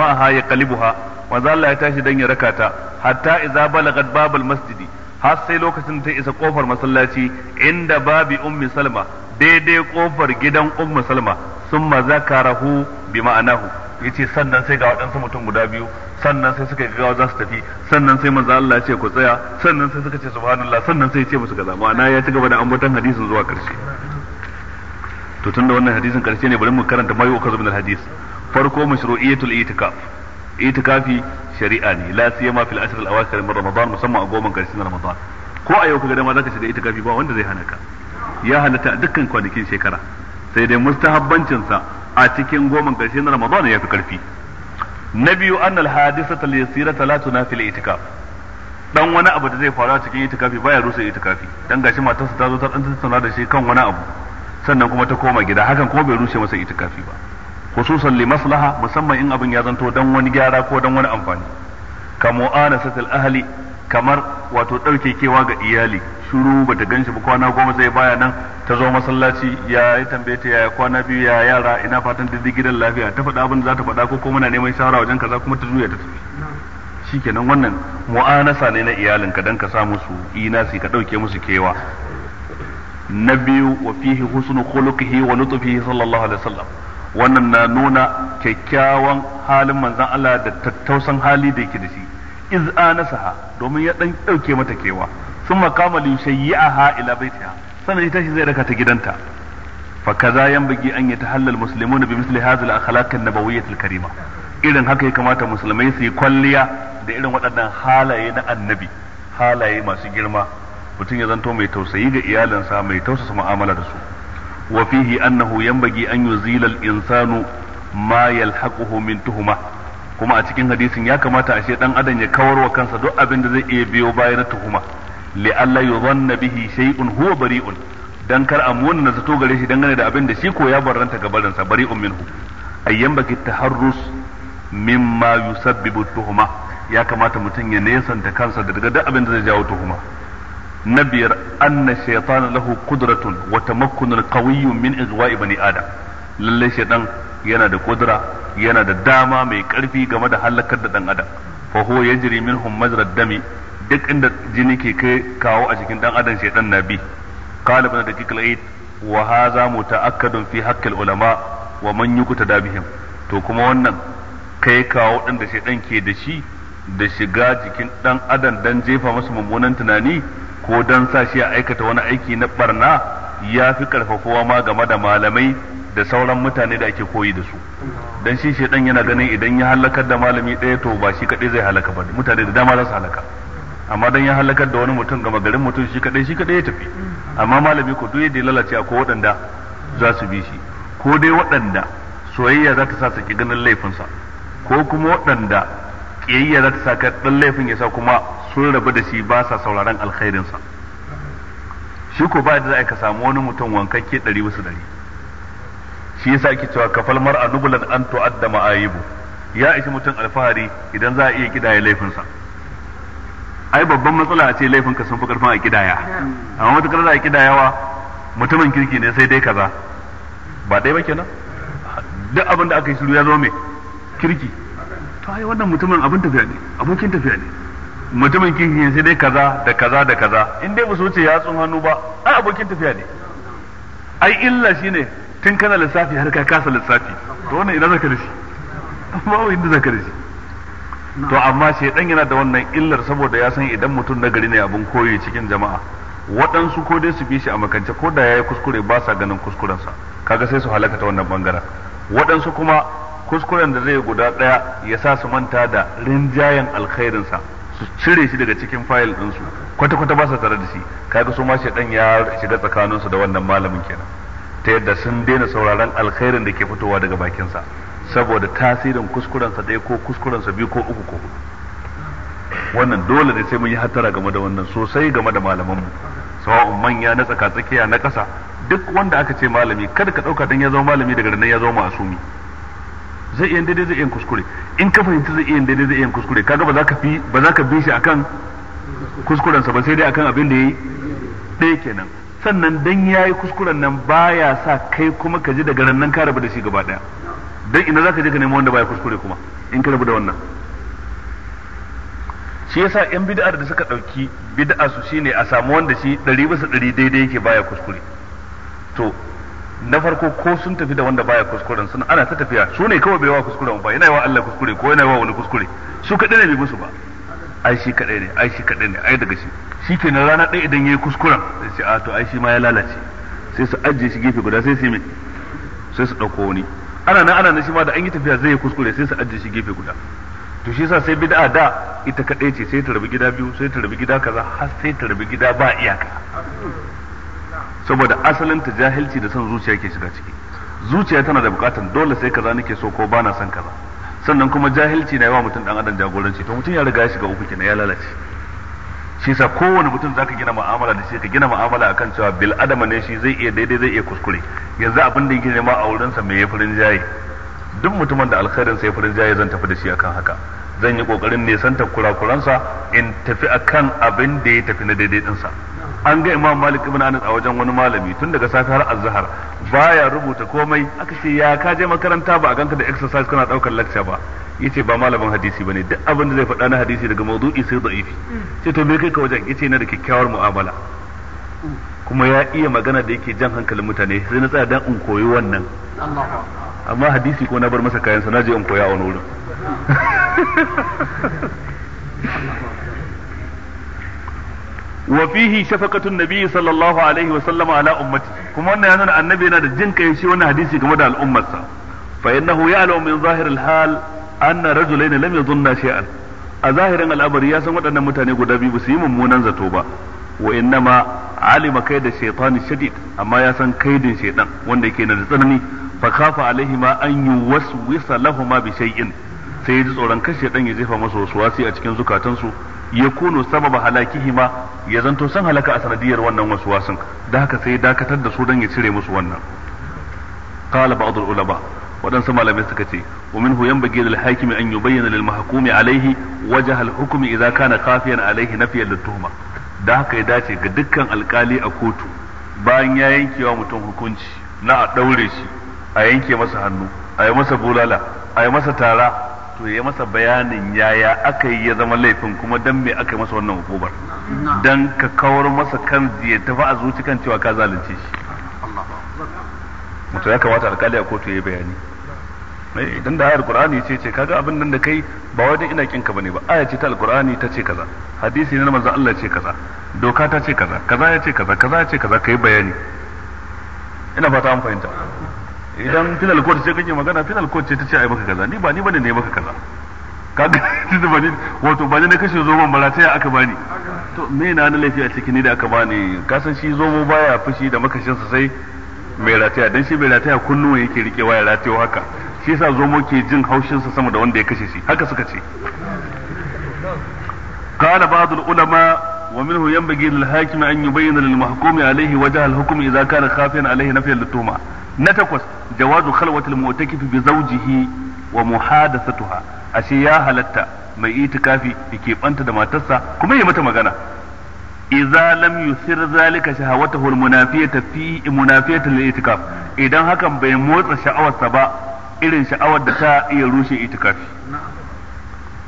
S1: ha ya tashi dan ya hatta babal masjidi har sai lokacin da ta isa kofar masallaci inda babi ummi salma daidai kofar gidan ummi salma summa zakarahu bi ma'anahu yace sannan sai ga waɗansu mutum guda biyu sannan sai suka ga za su tafi sannan sai manzo Allah ya ce ku tsaya sannan sai suka ce subhanallah sannan sai ya ce musu kaza ma'ana ya ci gaba da ambaton hadisin zuwa karshe to tunda wannan hadisin karshe ne bari mu karanta mayu ukazubin hadis farko mashru'iyatul itikaf itikafi shari'a ne la siyama fil ashr al awakhir min ramadan musamman a goman karshen ramadan ko a yau kaga dama zaka shiga itikafi ba wanda zai hana ka ya halatta a dukkan kwanakin shekara sai dai mustahabbancin sa a cikin goman karshen ramadan ya fi karfi na biyu an al hadisata al la tunafi al itikaf dan wani abu da zai faru a cikin itikafi baya rusa itikafi dan gashi matarsa ta zo ta dan tattauna da shi kan wani abu sannan kuma ta koma gida hakan kuma bai rushe masa itikafi ba khususan li maslaha musamman in abin ya zanto dan wani gyara ko dan wani amfani ka mu'anasatil ahli kamar wato dauke kewa ga iyali shuru bata ganshi ba kwana goma sai baya nan ta zo masallaci ya yi tambaye ta yaya kwana biyu ya yara ina fatan da gidan lafiya ta faɗa abin da za ta faɗa ko kuma na neman shawara wajen kaza kuma ta juya ta tafi shikenan wannan mu'anasa ne na iyalin ka dan ka sa musu inasi ka dauke musu kewa na biyu wa fihi husnu khuluqihi wa lutfihi sallallahu alaihi wasallam wannan na nuna kyakkyawan halin manzan Allah da tattausan hali da yake da shi iz anasaha domin ya dan dauke mata kewa sun makama li shayyi'aha ila baitiha sannan ita shi zai raka ta gidanta fa kaza yanbaghi an yatahallal muslimuna bi misli hadhihi al-akhlaq an-nabawiyyah al-karima irin haka ya kamata musulmai su yi kwalliya da irin waɗannan halaye na annabi halaye masu girma mutum ya zanto mai tausayi ga iyalinsa mai tausasa mu'amala da su Wafihi fihi annahu yanbaghi an yuzila al-insanu mayal yalhaquhu min tuhuma kuma a cikin hadisin ya kamata a ashe dan adam ya kawar wa kansa duk abin da zai iya biyo baya na tuhuma li alla yuzanna bihi shay'un huwa bari'un dan kar a muna zato gare shi dangane da abin da shi ko ya barranta gabarin sa bari'un minhu ayyan baki taharrus mimma yusabbibu tuhuma ya kamata mutum ya nesanta kansa daga duk abin da zai jawo tuhuma na biyar anna shaytan lahu qudratun wa tamakkunun qawiyyun min igwa'i bani adam lalle shaytan yana da kudura yana da dama mai karfi game da halakar da dan adam fa huwa yajri minhum majra dami duk inda jini ke kai kawo a cikin dan adam shaytan na bi qala da daqiq al-aid wa hadha muta'akkadun fi haqqi ulama wa man yuqtada bihim to kuma wannan kai kawo din da shaytan ke da shi da shiga jikin dan adam dan jefa masa mummunan tunani ko dan sa shi a aikata wani aiki na barna ya fi karfafowa ma game da malamai da sauran mutane da ake koyi da su dan shi shedan yana ganin idan ya halakar da malami ɗaya to ba shi kadai zai halaka ba mutane da dama za su halaka amma dan ya halakar da wani mutum gama garin mutum shi kadai shi kadai ya tafi amma malami ko duk yadda ya lalace ko waɗanda za su bi shi ko dai waɗanda soyayya za ta sa su ki ganin laifinsa ko kuma waɗanda kiyayya za ta sa ka dan laifin ya sa kuma sun rabu da shi ba sa sauraron alkhairin sa shi ko ba da za ka samu wani mutum wankakke dari wasu dari shi yasa ake cewa kafal mar'a nubulan an tu'adda ma'ayibu ya ishi mutum alfahari idan za a iya kidaya laifinsa ai babban matsala a ce laifin ka sun fi karfin a kidaya amma matukar za a kidayawa mutumin kirki ne sai dai kaza ba dai ba kenan duk abin da aka yi shiru ya zo me kirki to ai wannan mutumin abin tafiya ne abokin tafiya ne mutumin kinkin sai dai kaza da kaza da kaza in dai ba su wuce yatsun hannu ba ai abokin tafiya ne ai illa shine tun kana lissafi har ka kasa lissafi to wannan ina zaka dashi amma wai inda zaka dashi to amma shaidan yana da wannan illar saboda ya san idan mutum na gari ne abin koyi cikin jama'a waɗansu ko dai su bi shi a makance ko da ya yi kuskure ba sa ganin kuskurensa kaga sai su halaka ta wannan bangaren waɗansu kuma kuskuren da zai guda ɗaya ya sa su manta da rinjayen alkhairinsa su cire shi daga cikin fayil ɗinsu kwata-kwata ba su tare da shi kaga su ma shaɗan ya shiga tsakaninsu da wannan malamin kenan ta yadda sun daina sauraron alkhairin da ke fitowa daga bakinsa saboda tasirin kuskurensa ɗaya ko kuskurensa biyu ko uku ko hudu wannan dole ne sai mun yi hattara game da wannan sosai game da malamanmu sawa'un manya na tsaka tsakiya na ƙasa duk wanda aka ce malami kada ka ɗauka don ya zama malami daga nan ya zama asumi zai iya daidai zai iya kuskure in ka fahimci zai iya daidai zai iya kuskure kaga ba za ka fi ba za ka bi shi akan kuskuren sa ba sai dai akan abin da yayi ɗaya kenan sannan dan yayi kuskuren nan baya sa kai kuma ka ji daga nan ka rabu da shi gaba daya dan ina za ka je ka nemi wanda baya kuskure kuma in ka rabu da wannan shi yasa yan bid'ar da suka dauki bid'a su shine a samu wanda shi 100 bisa 100 daidai yake baya kuskure to na farko ko sun tafi da wanda baya kuskuren suna ana ta tafiya su ne kawai bai wa kuskuren ba yana wa Allah kuskure ko yana wa wani kuskure su kadai ne bai musu ba ai shi kadai ne ai shi kadai ne ai daga shi shi kenan rana ɗaya idan yayi kuskuren sai su a to ai shi ma ya lalace sai su ajiye shi gefe guda sai su me sai su dauko wani ana nan ana nan shi ma da an yi tafiya zai yi kuskure sai su ajiye shi gefe guda to shi yasa sai bid'a da ita kadai ce sai ta rabu gida biyu sai ta rabu gida kaza har sai ta rabu gida ba iyaka saboda asalin ta jahilci da son zuciya ke shiga ciki zuciya tana da bukatan dole sai kaza nake so ko bana son kaza sannan kuma jahilci na yawa mutum dan adam jagoranci to mutum ya riga ya shiga uku kenan ya lalace shi sa kowane mutum zaka gina mu'amala da shi ka gina mu'amala akan cewa bil adama ne shi zai iya daidai zai iya kuskure yanzu abin da yake nema a wurinsa me ya furin duk mutumin da alkhairin sai farin jaye zan tafi da shi akan haka zan yi kokarin ta kurakuransa in tafi akan abin da ya tafi na daidai dinsa an ga imam malik ibn anas a wajen wani malami tun daga safe har azhar baya rubuta komai aka ce ya ka je makaranta ba a ganka da exercise kana daukar lecture ba yace ba malamin hadisi bane duk abin da zai faɗa na hadisi daga mawdu'i sai da'ifi ce to me kai ka wajen yace na da kyakkyawar mu'amala kuma ya iya magana da yake jan hankalin mutane sai na tsaya dan in koyi wannan amma hadisi ko na bar masa kayan sa na in koya a wani wurin
S2: <laughs>
S1: wa fihi shafaqatun nabi sallallahu alaihi wa sallama ala ummati kuma wannan ya nuna annabi yana da jin kai shi wannan hadisi game da al'ummarsa fa innahu ya'lamu min zahir al-hal anna rajulayn lam yadhunna shay'an a zahirin al'amari ya san waɗannan mutane guda biyu su yi mummunan zato ba wa innama alima kai da shaytani shadid amma ya san kaidin shaytan wanda yake da tsanani fa khafa alaihi ma an yuwaswisa lahum bi shay'in sai ya ji tsoron kashe dan ya jefa masu wasuwasi a cikin zukatansu ya kono sababa halakihima ya zanto san halaka a sanadiyar wannan wasan da haka sai dakatar da su dan ya cire musu wannan qala ba'd ulama waɗansu malamai suka ce wa minhu yanbaghi lil hakimi an yubayyana lil mahkumi alaihi wajh hukumi hukmi idza kana kafiyan alaihi nafiyan da tuhuma. da haka ya dace ga dukkan alkali a kotu bayan ya yankewa mutum hukunci na a daure shi a yanke masa hannu a yi masa bulala a yi masa tara to ya masa bayanin yaya aka yi ya zama laifin kuma dan me aka masa wannan hukumar dan ka kawar masa kan ya tafi a zuci kan cewa ka zalunce shi mutum ya kamata alkali a kotu ya bayani eh, idan da ayar qur'ani ce ce kaga abin nan da kai ba wai dan ina kinka bane ba aya ce ta alqur'ani ta ce kaza hadisi na manzon Allah ce kaza doka ta ce kaza kaza ya ce kaza kaza ya ce kaza kai bayani ina fata an fahimta idan final court ce kake magana final court ce ta ce ai maka kaza ni ba ni bane ne maka kaza kaga <laughs> tunda ni wato bane kashe zoman ba ta aka bani to me na na laifi a cikin ni da aka bani ka san shi zomo baya fushi da makashin sa sai mai rataya dan shi mai rataya kullum yake rike waya ratayo haka shi yasa zomo ke jin haushin sa sama da wanda ya kashe shi haka suka ce قال بعض ulama. ومنه ينبغي للحاكم أن يبين للمحكوم عليه وجه الحكم إذا كان خافيا عليه نفيا للتهمة نتقص جواز خلوة المعتكف بزوجه ومحادثتها أشياء هلتا mai itikafi yake banta da matarsa kuma yi mata magana idza lam yusir zalika shahawatahu almunafiyata fi munafiyata litikaf idan hakan bai motsa sha'awarsa ba irin sha'awar da ta iya rushe itikafi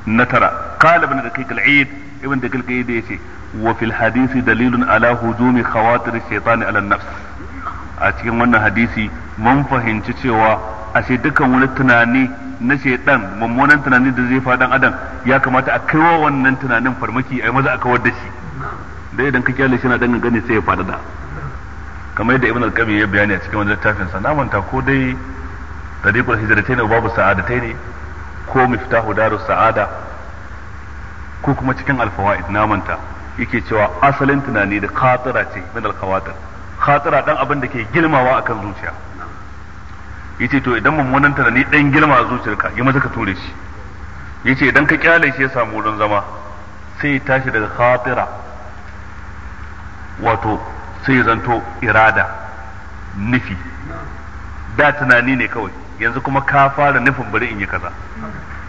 S1: na tara qala ibn daqiq al-eid ibn daqiq al-eid yace wa fil hadisi dalilun ala hujumi khawatir shaytani ala nafs a cikin wannan hadisi mun fahimci cewa ashe dukkan wani tunani na shaidan mummunan tunani da zai fadan adam ya kamata a kaiwa wannan tunanin farmaki a yi maza a kawar da shi da idan ka kyale shi na dan gani sai ya fadada kamar yadda ibn al-qabi ya bayani a cikin wannan littafin sa namanta ko dai tariqul hijratain wa babu sa'adatain ne ko miftahu daru sa'ada ko kuma cikin alfawaid namanta yake cewa asalin tunani da khatira ce min alkhawatir khatira dan abin da ke girmawa akan zuciya yace to idan mummunan tunani dan girma zuciyarka yi maza ka ture shi yace idan ka kyale shi ya samu wurin zama sai ya tashi daga khatira wato sai ya zanto irada nufi da tunani ne kawai yanzu kuma ka fara nufin bari in yi kaza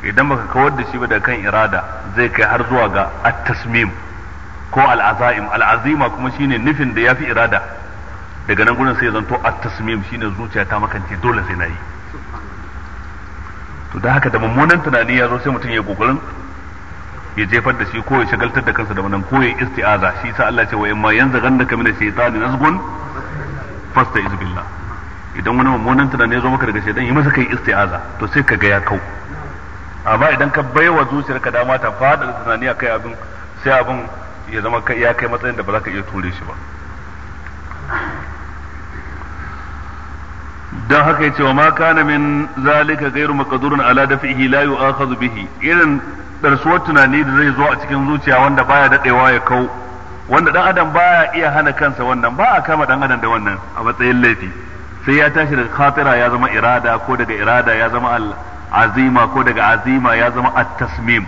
S1: idan baka kawar da shi ba da kan irada zai kai har zuwa ga at-tasmim ko al-azaim al-azima kuma shine nufin da yafi irada daga nan gurin sai zanto at-tasmim shine zuciya ta makance dole sai nayi to da haka da mummunan tunani ya zo sai mutum ya kokarin ya jefar da shi ko ya shagaltar da kansa da wannan ko ya isti'aza shi sa Allah ce wa imma ganda kamina shaytanin azgun fasta'iz billah idan wani mummunan tunani ya zo maka daga shaidan yi masa kai isti'aza to sai ka ga ya kau amma idan ka baiwa ka dama ta fada da tunani kai abin sai abin ya zama ya kai matsayin da ba za ka iya ture shi ba dan haka yace wa ma kana min zalika ghairu maqdurun ala dafihi la yu'akhadhu bihi irin darsuwar tunani da zai zo a cikin zuciya wanda baya dadewa ya kau wanda dan adam baya iya hana kansa wannan ba a kama dan adam da wannan a matsayin laifi sai ya tashi daga khatira ya zama irada ko daga irada ya zama azima ko daga azima ya zama at tasmim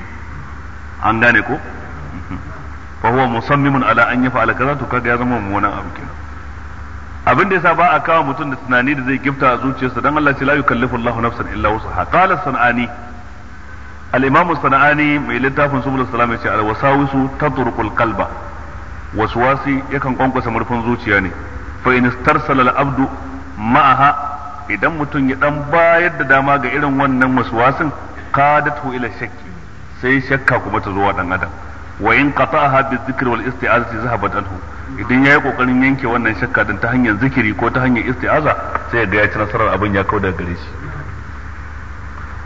S1: an gane ko fa huwa musammimun ala an yaf'ala kaza to kaga ya zama mummunan abu kenan abin da yasa ba a kawo mutum da tunani da zai gifta a zuciyarsa dan Allah ce la yukallifu Allahu nafsan illa wusaha qala sanani al-imamu sanani mai littafin subul salam yace al-wasawisu tatruqul qalba waswasi yakan kwankwasa murfin zuciya ne fa in istarsala al-abdu ma'aha idan mutum ya dan bayar da dama ga irin wannan waswasin qadatu ila shakki sai shakka kuma ta zo wa dan adam wa in qata'aha bi dhikr wal isti'azati zahabat anhu idan yayi kokarin yanke wannan shakka din ta hanyar zikiri ko ta hanyar isti'aza sai ga ya ci nasarar abin ya kauda gare shi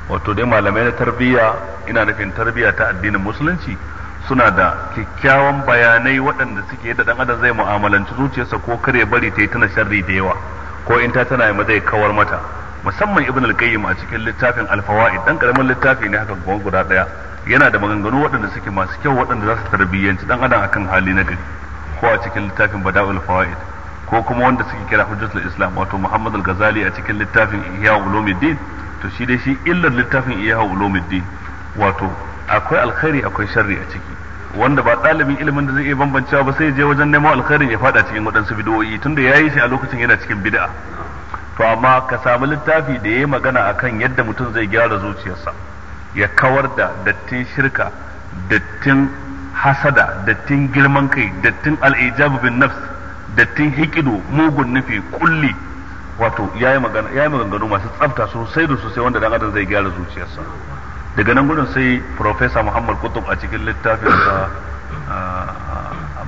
S1: wato dai malamai na tarbiyya ina nufin tarbiyya ta addinin musulunci suna da kyakkyawan bayanai waɗanda suke da dan adam zai mu'amalanci zuciyarsa ko kare bari ta yi tana sharri da yawa ko in ta tana yi zai kawar mata musamman ibn al-qayyim a cikin littafin al-fawaid dan karamin littafi ne haka gwan guda daya yana da maganganu waɗanda suke masu kyau waɗanda za su tarbiyyanci dan adam akan hali na gari ko a cikin littafin bada'ul fawaid ko kuma wanda suke kira hujjatul islam wato muhammad al-ghazali a cikin littafin ihya ulumuddin to shi dai shi illar littafin ihya ulumuddin wato akwai alkhairi akwai sharri a ciki wanda ba ɗalibin ilimin da zai iya bambancewa ba sai je wajen neman alkhairin ya fada cikin waɗansu bid'o'i tunda ya yi shi a lokacin yana cikin bid'a to amma ka samu littafi da ya yi magana akan yadda mutum zai gyara zuciyarsa ya kawar da dattin shirka dattin hasada dattin girman kai dattin al'ijabu bin nafs dattin hikido mugun nufi kulli wato yayi magana yayi maganganu masu tsafta sosai da sosai wanda dan adam zai gyara zuciyarsa daga nan gudun sai profesa muhammad kutub a cikin littafin sa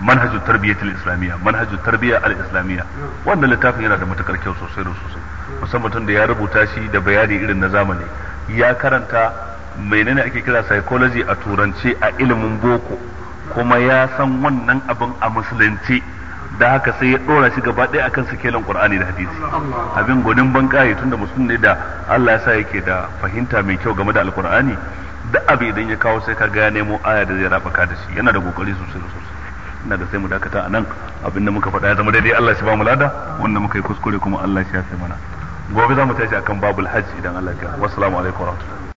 S1: manhajul tarbiyyah al-islamiyya manhajul tarbiyyah al-islamiyya wannan littafin yana da matukar kyau sosai da sosai musamman tun da ya rubuta shi da bayani irin na zamani ya karanta menene ake kira psychology a turance a ilimin boko kuma ya san wannan abin a musulunci da haka sai ya dora shi gaba ɗaya akan sakelan qur'ani da hadisi abin gudun ban tun da musulmi ne da Allah ya sa yake da fahimta mai kyau game da alqur'ani da abi idan ya kawo sai ka gaya ne nemo aya da zai rabaka da shi yana da kokari sosai sosai ina da sai mu dakata a nan abin da muka faɗa ya zama daidai Allah shi ba mu lada wanda muka yi kuskure kuma Allah shi ya sai mana gobe za mu tashi akan babul hajj idan Allah ya wassalamu alaikum rahmatulah.